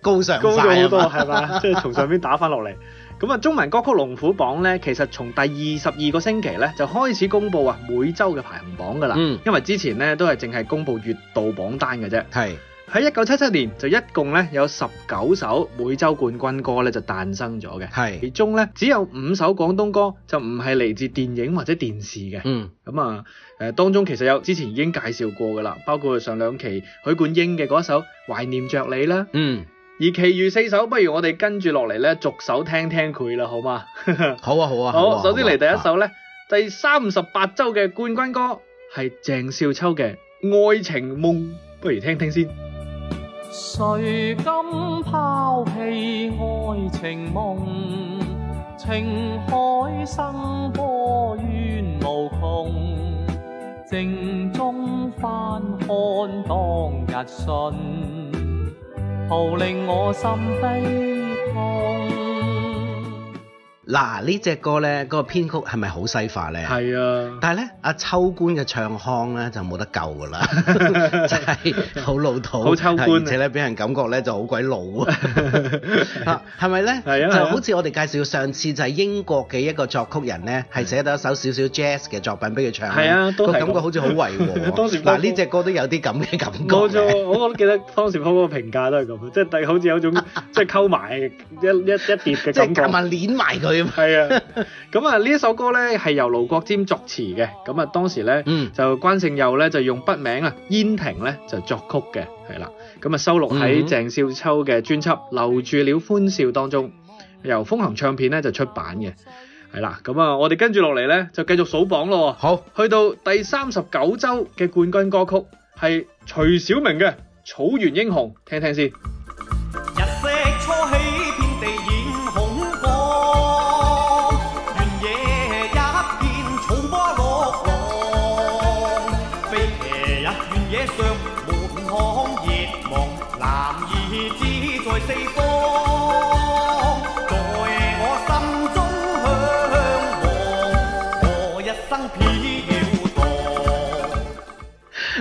高尚高尚高咗好多係嘛？吧 即係從上邊打翻落嚟。咁啊，中文歌曲龍虎榜咧，其實從第二十二個星期咧就開始公布啊，每週嘅排行榜噶啦。嗯。因為之前咧都係淨係公布月度榜單嘅啫。係是。喺一九七七年就一共咧有十九首每週冠軍歌咧就誕生咗嘅。是其中咧只有五首廣東歌就唔係嚟自電影或者電視嘅。嗯。咁啊誒，當中其實有之前已經介紹過噶啦，包括上兩期許冠英嘅嗰一首《懷念著你》啦。嗯。而其餘四首，不如我哋跟住落嚟咧，逐首聽聽佢啦，好嘛、 啊？好啊，好啊，好，首先嚟第一首咧，啊、第三十八周嘅冠軍歌係鄭少秋嘅《愛情夢》，不如聽聽先。誰今拋棄愛情夢？情海生波怨無窮。鏡中翻看當日信。徒令我心悲痛。嗱呢隻歌咧，個編曲係咪好西化咧？係啊！但係咧，阿秋官嘅唱腔咧就冇得救㗎啦，即係好老土，好秋官而且咧俾人感覺咧就好鬼老啊！係咪咧？係啊！就好似我哋介紹上次就係英國嘅一個作曲人咧，係寫到一首少少 jazz 嘅作品俾佢唱，係啊，個感覺好似好違和。當時嗱呢隻歌都有啲咁嘅感覺。當初我我都記得當時方方嘅評價都係咁，即係第好似有種即係溝埋一一一碟嘅感覺，即係夾埋攣埋佢。係啊，咁啊呢一首歌咧係由盧國沾作詞嘅，咁啊當時咧、嗯、就關聖佑咧就用筆名啊燕婷咧就作曲嘅，係啦，咁啊收錄喺鄭少秋嘅專輯《留住了歡笑》當中，由風行唱片咧就出版嘅，係啦，咁啊我哋跟住落嚟咧就繼續數榜咯，好，去到第三十九周嘅冠軍歌曲係徐小明嘅《草原英雄》，聽聽先。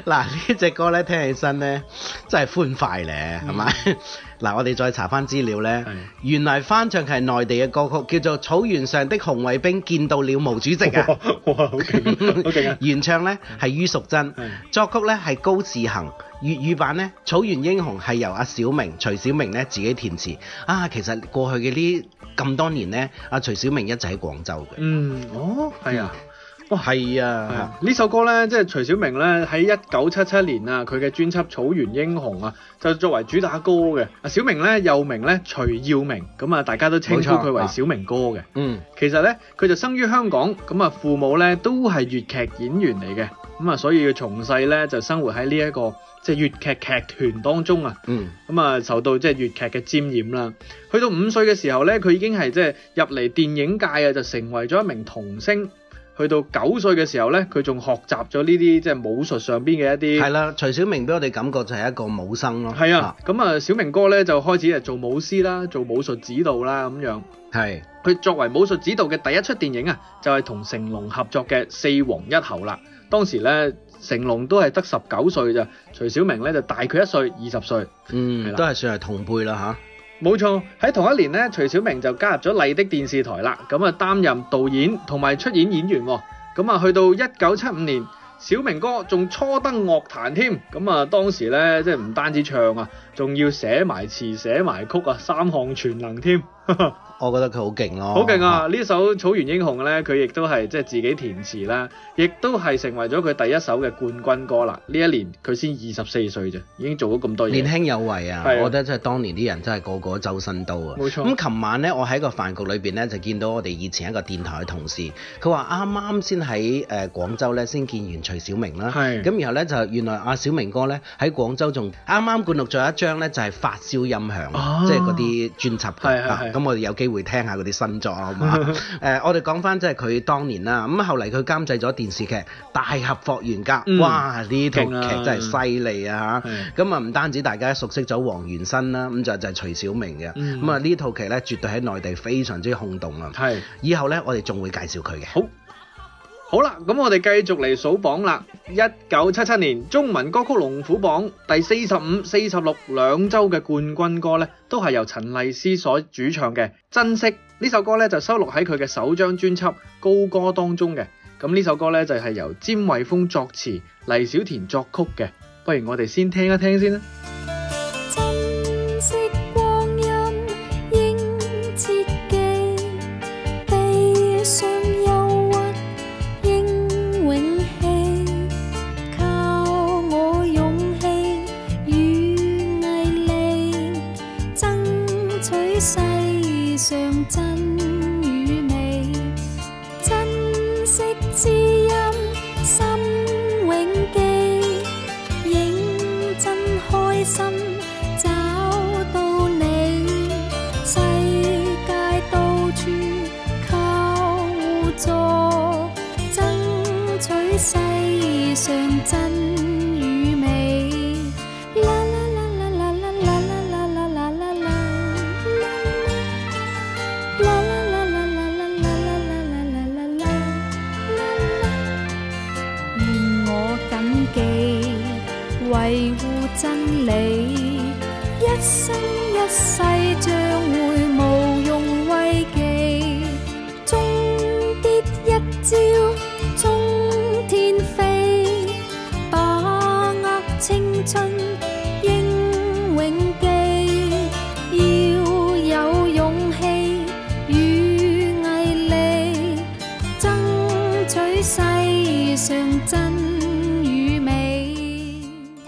嗱，呢隻歌咧聽起身咧真係歡快咧，係咪、嗯？嗱，我哋再查翻資料咧，是原來翻唱係內地嘅歌曲，叫做《草原上的紅衛兵見到了毛主席》啊！哇，好、okay, okay 啊、 原唱咧係於淑珍，是作曲咧係高志恒。粵語版咧《草原英雄》係由阿小明，徐小明咧自己填詞。啊，其實過去嘅呢咁多年咧，阿徐小明一直喺廣州嘅。嗯，哦，係啊。嗯係、哦、啊！呢、啊、首歌咧，即係徐小明咧喺一九七七年啊，佢嘅專輯《草原英雄》啊，就作為主打歌嘅。阿小明咧，又名咧徐耀明，咁啊，大家都稱呼佢為小明哥嘅、啊。嗯，其實咧佢就生於香港，咁啊，父母咧都係粵劇演員嚟嘅，咁啊，所以從細咧就生活喺呢一個即係粵劇劇團當中啊。嗯，咁啊、嗯，受到即係粵劇嘅沾染啦。去到五歲嘅時候咧，佢已經係即係入嚟電影界啊，就成為咗一名童星。去到九歲嘅時候咧，佢仲學習咗呢啲即係武術上邊嘅一啲。係啦，徐小明俾我哋感覺就係一個武生咯。係啊，咁啊，小明哥咧就開始誒做武師啦，做武術指導啦咁樣。係。佢作為武術指導嘅第一出電影啊，就係同成龍合作嘅《四王一侯》啦。當時咧，成龍都係得十九歲啫，徐小明咧就大佢一歲，二十歲。嗯，都係算係同輩啦吓。冇錯，喺同一年咧，徐小明就加入咗麗的電視台啦，咁啊擔任導演同埋出演演員喎，咁啊去到一九七五年，小明哥仲初登樂壇添，咁啊當時咧即係唔單止唱啊，仲要寫埋詞寫埋曲啊，三項全能添！ 我覺得佢好勁咯！好勁啊！呢、啊、是首《草原英雄》呢，佢亦都係即係自己填詞啦，亦都係成為咗佢第一首嘅冠軍歌啦。呢一年佢先二十四歲啫，已經做咗咁多嘢。年輕有為啊！啊我覺得即係當年啲人真係個個周身刀啊！冇錯錯。咁琴、嗯、晚呢，我喺個飯局裏邊呢，就見到我哋以前一個電台嘅同事，佢話啱啱先喺誒廣州呢先見完徐小明啦。咁是然後呢，就原來阿小明哥呢，喺廣州仲啱啱灌錄咗一張呢，就係、是《發燒音響》即那，即係嗰啲專輯，咁我哋有機會聽下嗰啲新作好嘛，誒、 呃，我哋講翻即係佢當年啦，咁後嚟佢監製咗電視劇《大俠霍元甲》，嗯，哇，呢套劇真係犀利啊吓！咁啊，唔單止大家熟悉咗黃元申啦，咁就就係徐小明嘅，咁啊、嗯、呢套劇咧絕對喺內地非常之轟動啊！係是以後咧，我哋仲會介紹佢嘅。好好啦，咁我哋繼續嚟數榜啦。一九七七年中文歌曲龍虎榜第四十五、四十六兩周嘅冠軍歌咧，都係由陳麗斯所主唱嘅《珍惜》。呢首歌咧，就收錄喺佢嘅首張專輯《高歌》當中嘅。咁呢首歌咧就係、是、由詹偉峰作詞、黎小田作曲嘅。不如我哋先聽一聽先啦。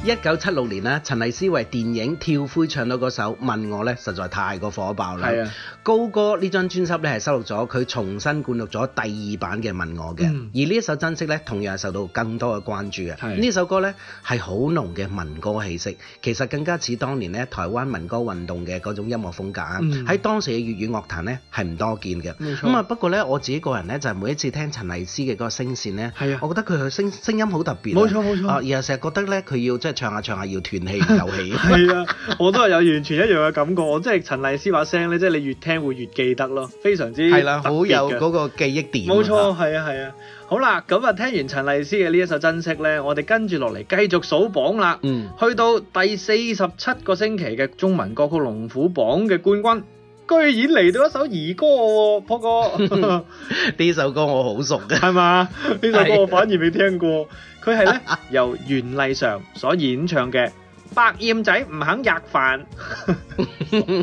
一九七六年咧，陳麗斯為電影《跳灰》唱到嗰首《問我》咧，實在太過火爆啦！的高歌呢張專輯咧，係收錄咗佢重新灌錄咗第二版嘅《問我》嘅，嗯、而呢一首珍惜咧，同樣係受到更多嘅關注嘅。呢的首歌咧，係好濃嘅民歌氣息，其實更加似當年咧，台灣民歌運動嘅嗰種音樂風格喺、嗯、當時嘅粵語樂壇咧，係唔多見嘅。咁啊錯，不過呢，我自己個人呢，就每一次聽陳麗斯嘅嗰個聲線的，我覺得佢嘅聲聲音好特別、啊。冇錯冇錯。而係成日覺得呢，佢要即係。唱下唱下，要斷氣唸氣，係 啊！ 我都係有完全一樣嘅感覺， 我即係陳麗斯把聲咧，即係你越聽會越記得咯，非常之係啦，好、啊、有嗰個記憶點。冇錯，係啊，係啊，啊好啦，咁啊，聽完陳麗斯嘅呢一首《珍惜》咧，我哋跟住落嚟繼續數榜啦，嗯，去到第四十七個星期嘅中文歌曲龍虎榜嘅冠軍。居然嚟到一首兒歌，Paul 哥，呢首歌我好熟嘅。係嘛？呢首歌我反而未聽過，佢係咧由袁麗嫦所演唱嘅《百厭仔唔肯吔飯》，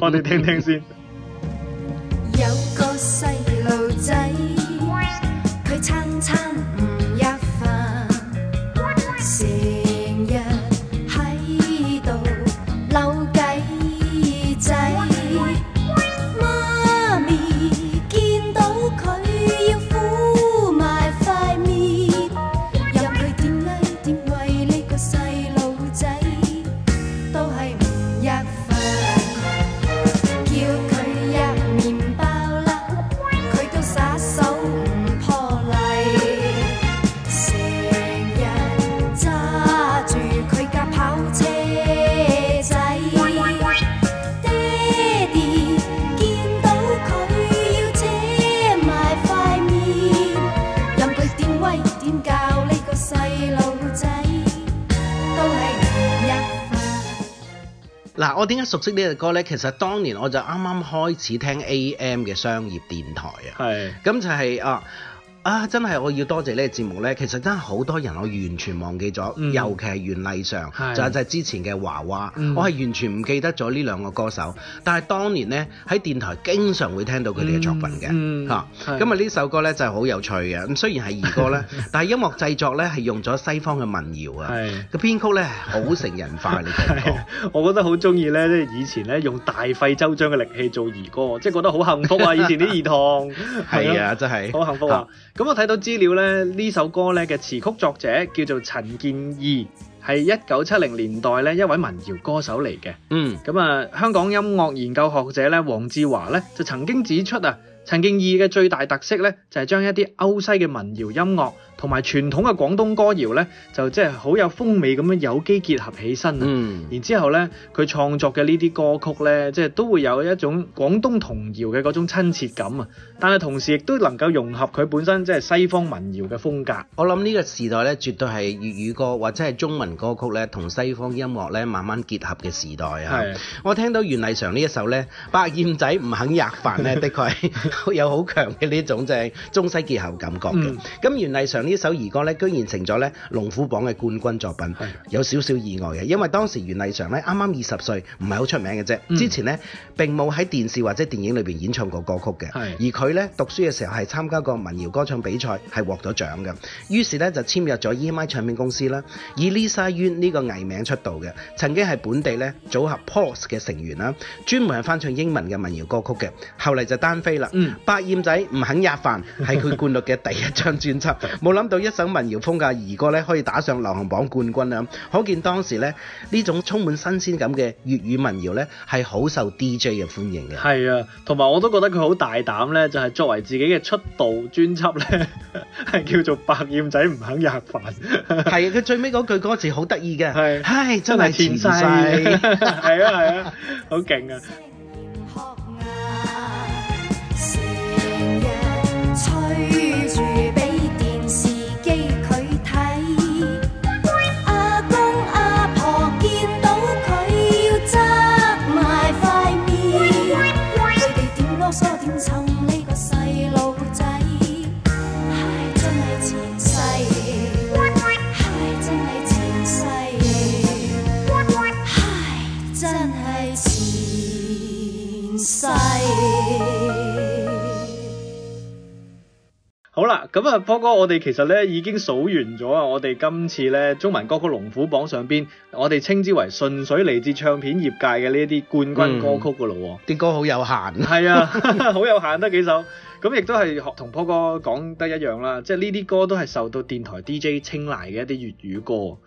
我哋聽聽先。有個細路仔，熟悉呢隻歌咧，其實當年我就啱啱開始聽 AM 嘅商業電台啊、係、啊，咁就係啊。啊！真係我要多謝呢個節目呢。其實真係好多人我完全忘記咗，尤其係袁麗嫦，就係之前嘅華娃，我係完全唔記得咗呢兩個歌手。但係當年呢，喺電台經常會聽到佢哋嘅作品嘅嚇。咁啊呢首歌呢，就係好有趣嘅，咁雖然係兒歌呢，但係音樂製作呢，係用咗西方嘅民謠啊，個編曲呢，好成人化。你覺我覺得好鍾意呢。即係以前呢，用大費周章嘅力氣做兒歌，即係覺得好幸福啊！以前啲兒童係啊，真係好幸福啊！咁我睇到資料咧，呢首歌咧嘅詞曲作者叫做陳建義，係一九七零年代咧一位民謠歌手嚟嘅。嗯，咁啊，香港音樂研究學者咧黃志華咧就曾經指出啊，陳建義嘅最大特色咧就係將一啲歐西嘅民謠音樂。同埋傳統嘅廣東歌謠呢，就即係好有風味咁樣有機結合起身啊！嗯、然之後呢，佢創作嘅呢啲歌曲呢，即、就、係、是、都會有一種廣東童謠嘅嗰種親切感啊！但係同時亦都能夠融合佢本身即係、就是、西方民謠嘅風格。我諗呢個時代呢，絕對係粵語歌或者係中文歌曲呢，同西方音樂呢慢慢結合嘅時代啊！的我聽到袁麗嫦呢一首呢，《百厭仔唔肯吔飯》呢， 的確係有好強嘅呢種即係、就是、中西結合感覺嘅。咁袁麗嫦呢？首呢首兒歌咧，居然成咗咧龍虎榜嘅冠軍作品，是有少少意外嘅。因為當時袁麗嫦咧啱啱二十歲，唔係好出名嘅啫。嗯、之前咧並冇喺電視或者電影裏邊演唱過歌曲嘅。是而佢咧讀書嘅時候係參加過民謠歌唱比賽，係獲咗獎嘅。於是咧就簽入咗 EMI 唱片公司啦，以 Lisa Yuen 呢個藝名出道嘅。曾經係本地咧組合 Pulse 嘅成員啦，專門係翻唱英文嘅民謠歌曲嘅。後嚟就單飛啦。嗯，百厭仔唔肯吔飯係佢灌錄嘅第一張專輯。 我諗到一首民謠風格嘅兒歌咧，可以打上流行榜冠軍啊！可見當時咧呢這種充滿新鮮感嘅粵語民謠咧，係好受 DJ 嘅歡迎嘅。係啊，同埋我都覺得佢好大膽咧，就係、是、作為自己嘅出道專輯咧，係 叫做百厭仔唔肯吔飯。係 佢、啊、最尾嗰句歌詞好得意嘅，係是、哎、真係前世。係 啊係啊, 啊，好勁啊！好啦，咁啊，波哥，我哋其實咧已經數完咗啊！我哋今次咧中文歌曲龍虎榜上邊，我哋稱之為純粹嚟自唱片業界嘅呢一啲冠軍歌曲噶咯，啲、嗯、歌好有限，係 啊，好有限，得幾首。咁亦都係學同波哥講得一樣啦，即係呢啲歌都係受到電台 DJ 青睞嘅一啲粵語歌。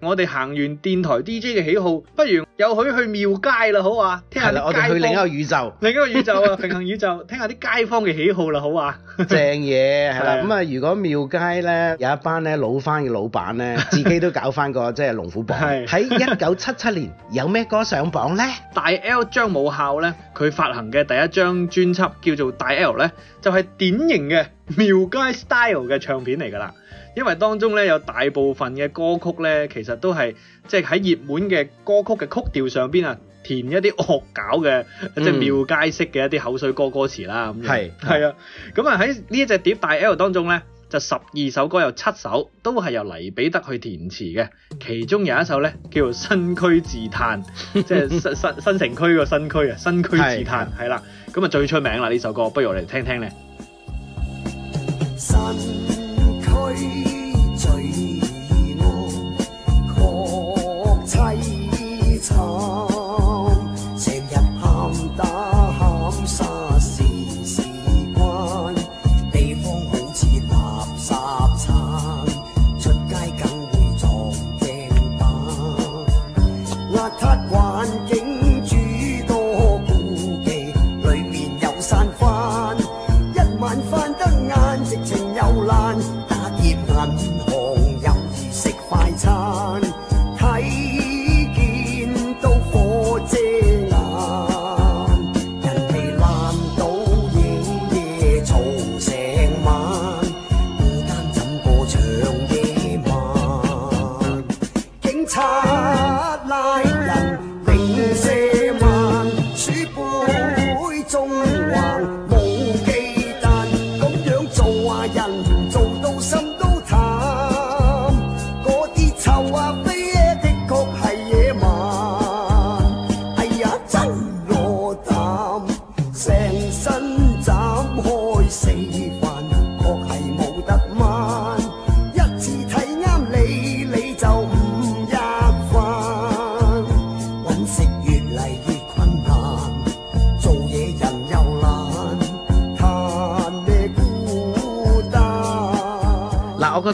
我哋行完電台 DJ 嘅喜好，不如有許去廟街啦，好啊？聽下街坊，我哋去另一個宇宙，另一個宇宙啊， 平行宇宙，聽一下啲街坊嘅喜好啦，好啊？正嘢，係啦。咁啊的、嗯，如果廟街咧有一班咧老翻嘅老闆咧， 自己都搞翻個即係龍虎榜。喺一九七七年，有咩歌上榜咧？ 大 AL 張武孝咧，佢發行嘅第一張專輯叫做大 AL 咧，就係、是、典型嘅廟街 style 嘅唱片嚟㗎啦。因為當中咧有大部分嘅歌曲咧，其實都係即係喺熱門嘅歌曲嘅曲調上邊啊，填一啲惡搞嘅、嗯、即係廟街式嘅一啲口水歌歌詞啦。咁係係啊，咁啊喺呢一隻碟大 L 當中咧，就十二首歌有七首都係由黎彼得去填詞嘅，其中有一首咧叫做《新區自嘆》， 即係新新新城區個新區啊，《新區自嘆》係啦的，咁啊的最出名啦呢首歌，不如我哋聽聽咧。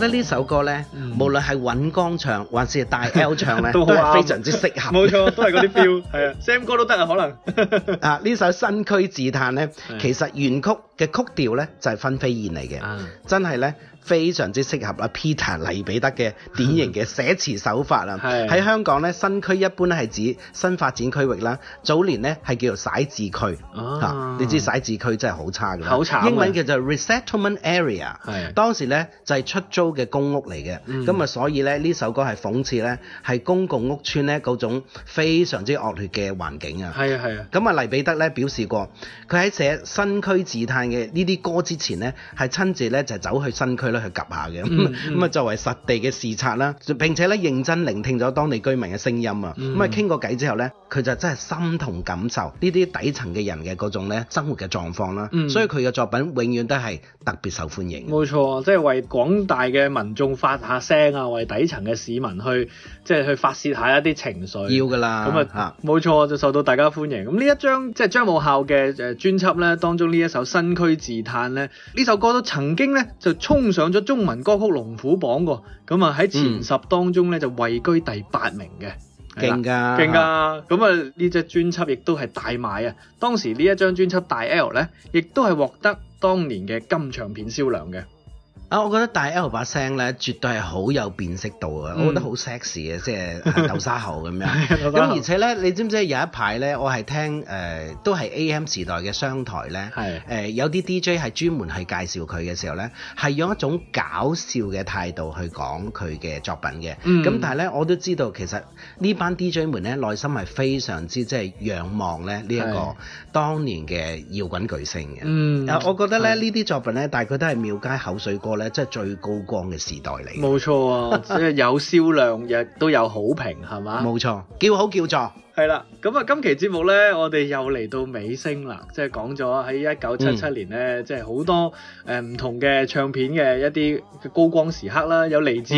咧呢首歌呢，嗯、無論係尹光唱還是大 L 唱呢， 都係非常之適合。冇錯，都係嗰啲 feel。係啊，Sam 哥都得啊，可能 啊呢首《新區自嘆》呢，的其實原曲嘅曲調呢就係分飛燕嚟嘅，真係呢。就是非常之適合阿 Peter 黎彼得嘅典型嘅寫詞手法啦。喺香港咧，新區一般咧係指新發展區域啦。早年咧係叫做徙置區，你知徙置區真係好差嘅。好差，英文叫做 resettlement area。當時咧就係出租嘅公屋嚟嘅。咁啊，所以咧呢首歌係諷刺咧係公共屋邨咧種非常之惡劣嘅環境啊。係啊係啊！咁啊，黎彼得咧表示過佢喺寫新區自嘆嘅呢啲歌之前咧，係親自咧就走去新區。咧去 𥄫 下嘅，咁啊 作為實地嘅視察啦，並且咧認真聆聽咗當地居民嘅聲音啊，咁啊傾過偈之後咧，佢就真係心同感受呢啲底層嘅人嘅嗰種咧生活嘅狀況啦。嗯、所以佢嘅作品永遠都係特別受歡迎。冇錯即係為廣大嘅民眾發下聲啊，為底層嘅市民去即係、就是、去發泄下一啲情緒，要噶啦。咁啊，吓冇錯就受到大家歡迎。咁、就是、呢一張即係張武孝嘅誒專輯咧當中呢一首《新區自嘆》咧，呢這首歌都曾經咧就衝上。上咗中文歌曲龍虎榜喎，咁啊喺前十當中咧、嗯、就位居第八名嘅，勁噶勁噶，咁啊呢隻專輯亦都係大賣啊！當時呢一張專輯大 L 咧，亦都係獲得當年嘅金唱片銷量嘅。啊，我覺得大 AL 把聲咧，絕對係好有辨識度啊！嗯、我覺得好 sexy 嘅、啊，即係豆沙喉咁樣，咁 而且咧，你知唔知有一排咧，我係聽誒、呃、都係 AM 時代嘅商台咧，誒的、呃、有啲 DJ 係專門係介紹佢嘅時候咧，係用一種搞笑嘅態度去講佢嘅作品嘅。咁、嗯、但係咧，我都知道其實呢班 DJ 們咧，內心係非常之即係仰望咧呢一、呢個當年嘅搖滾巨星嘅。嗯的，我覺得咧呢啲、嗯、作品咧，大概都係廟街口水歌。即係最高光嘅時代嚟，冇錯啊！即係 有銷量，亦都有好評，係嘛？冇錯，叫好叫座。係啦，咁啊，今期節目呢，我哋又嚟到尾聲啦，即係講咗喺一九七七年呢，嗯、即係好多誒唔、呃、同嘅唱片嘅一啲高光時刻啦，有嚟自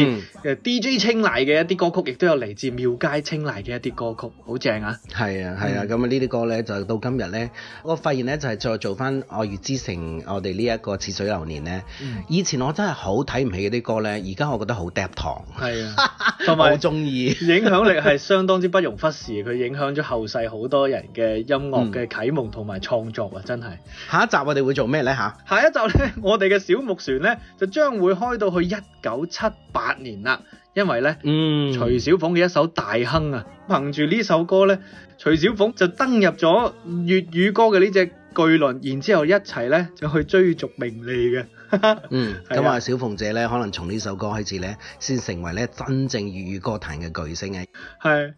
DJ 青睞嘅一啲歌曲，亦都有嚟自廟街青睞嘅一啲歌曲，好正啊！係啊，係啊，咁啊呢啲歌呢，就到今日呢，我發現呢，就係、是、再做翻《愛粵之城》我這個，我哋呢一個似水流年呢，嗯、以前我真係好睇唔起嗰啲歌呢，而家我覺得好 d 糖，係啊，同埋好中意，影響力係相當之不容忽視，佢影。影響咗後世好多人嘅音樂嘅啟蒙同埋創作啊！真係。下一集我哋會做咩呢？吓，下一集呢，我哋嘅小木船呢，就將會開到去一九七八年啦。因為呢，嗯，徐小鳳嘅一首《大亨》啊，憑住呢首歌呢，徐小鳳就登入咗粵語歌嘅呢隻巨輪，然之後一齊呢，就去追逐名利嘅。 嗯，咁啊，小鳳姐呢，可能從呢首歌開始呢，先成為呢真正粵語歌壇嘅巨星嘅。係。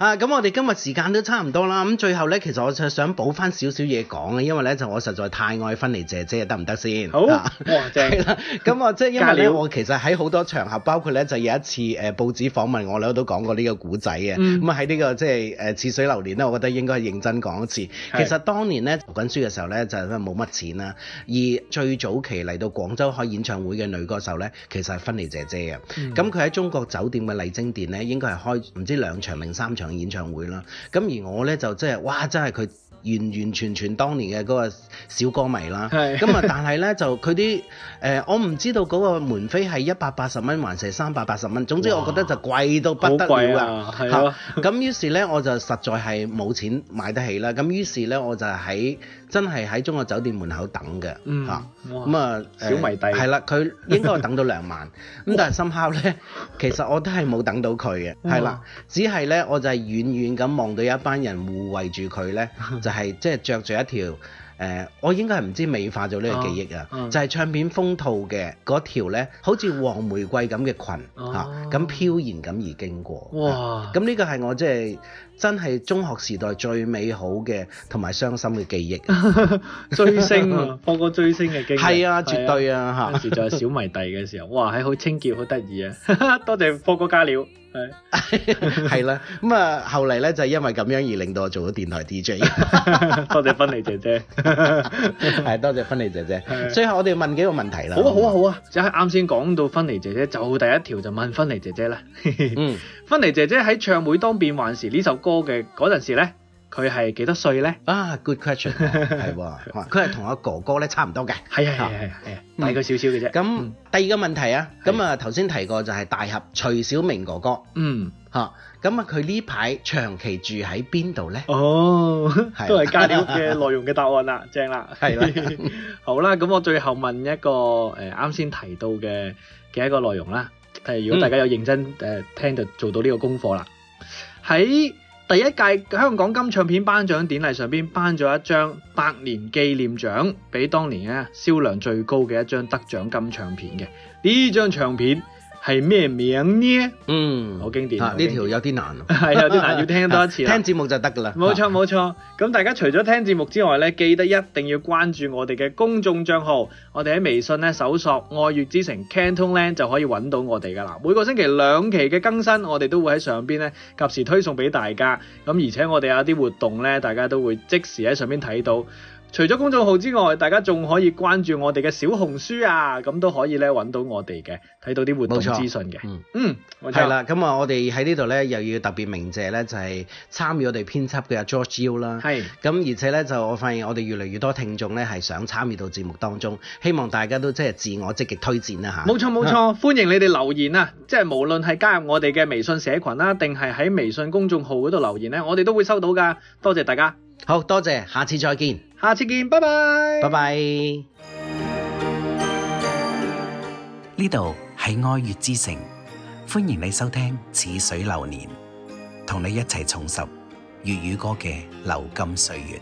啊，咁我哋今日時間都差唔多啦，咁最後咧，其實我就想補翻少少嘢講啊，因為咧就我實在太愛芬妮姐姐，得唔得先？好，哇正！咁啊， 即係裡因為咧，我其實喺好多場合，包括咧就有一次誒、呃、報紙訪問我，我咧都講過呢個古仔嘅，咁啊喺呢個即係誒似水流年咧，我覺得應該係認真講一次。是其實當年咧讀緊書嘅時候咧，就因為冇乜錢啦，而最早期嚟到廣州開演唱會嘅女歌手咧，其實係芬妮姐姐嘅。咁佢喺中國酒店嘅麗晶店咧，應該係開唔知兩場定三場。演唱會啦，咁而我呢，就即係，哇！真係佢完完全全當年嘅嗰個小歌迷啦。咁啊是， 但係呢，就佢啲、呃、我唔知道嗰個門飛係一百八十蚊，還是三百八十蚊。總之我覺得就貴到不得了啦。咁於、啊啊 啊、是呢，我就實在係冇錢買得起啦。咁於是呢，我就喺。真係喺中國酒店門口等嘅嚇，咁、嗯、啊，小迷弟，係啦，佢、嗯、應該我等到兩萬，咁 但係深刻咧，其實我都係冇等到佢嘅，係啦、嗯，只係咧我就係遠遠咁望到一班人護衛住佢咧，就係即係着住一條。誒、呃，我應該係唔知美化咗呢個記憶啊，嗯、就係唱片封套嘅嗰條咧，好似黃玫瑰咁嘅裙嚇，咁、啊、飄然咁而經過。哇！咁呢、嗯、個係我即係真係中學時代最美好嘅同埋傷心嘅記憶。 追星，啊，波哥 追星嘅記憶。係啊，絕對啊嚇。啊啊時在小迷弟嘅時候，哇，係好清潔，好得意啊！ 多謝波哥加料。係啦，咁啊 後嚟咧就係因為咁樣而令到我做咗電台 DJ， 多謝薰妮姐姐，係 多謝薰妮姐姐。 最後我哋問幾個問題啦，好啊好啊好啊，就係啱先講到薰妮姐姐，就第一條就問薰妮姐姐啦。嗯 薰妮姐姐喺唱每當變幻時呢首歌嘅嗰陣時咧。佢係幾多歲咧？啊，good question，係喎，佢係同阿哥哥咧差唔多嘅，係係係係大佢少少嘅啫。咁第二個問題啊，咁啊頭先提過就係大俠徐小明哥哥，嗯吓，咁啊佢呢排長期住喺邊度咧？哦，都係加料嘅內容嘅答案啦，正啦，係啦，好啦，咁我最後問一個誒啱先提到嘅嘅一個內容啦，如果大家有認真誒聽就做到呢個功課啦，喺。第一屆香港金唱片頒獎典禮，上面頒咗一張百年紀念獎俾當年銷量最高嘅一張得獎金唱片嘅。呢張唱片。係咩名呢？嗯，好經典呢、啊、條有啲難，啊、 難，係有啲難，要聽多一次聽節目就得噶啦。冇錯冇錯，咁 大家除咗聽節目之外呢，記得一定要關注我哋嘅公眾帳號。我哋喺微信呢搜索愛月之城 Canton Land 就可以揾到我哋噶啦。每個星期兩期嘅更新，我哋都會喺上邊呢，及時推送俾大家。咁而且我哋有啲活動呢，大家都會即時喺上邊睇到。除咗公眾號之外，大家仲可以關注我哋嘅小紅書啊，咁都可以咧揾到我哋嘅、睇到啲活動資訊嘅。錯嗯，係啦錯，咁啊，我哋喺呢度咧又要特別鳴謝咧，就係參與我哋編輯嘅 George Hill 啦是。係，咁而且咧就我發現我哋越嚟越多聽眾咧係想參與到節目當中，希望大家都即係自我積極推薦啦吓。冇錯冇錯，歡迎你哋留言啊！即係無論係加入我哋嘅微信社群啦，定係喺微信公眾號嗰度留言咧，我哋都會收到噶。多謝大家。好多謝，下次再見，下次見，拜拜，拜拜。呢度係愛粵之城，歡迎你收聽《似水流年》，同你一齊重拾粵語歌嘅流金歲月。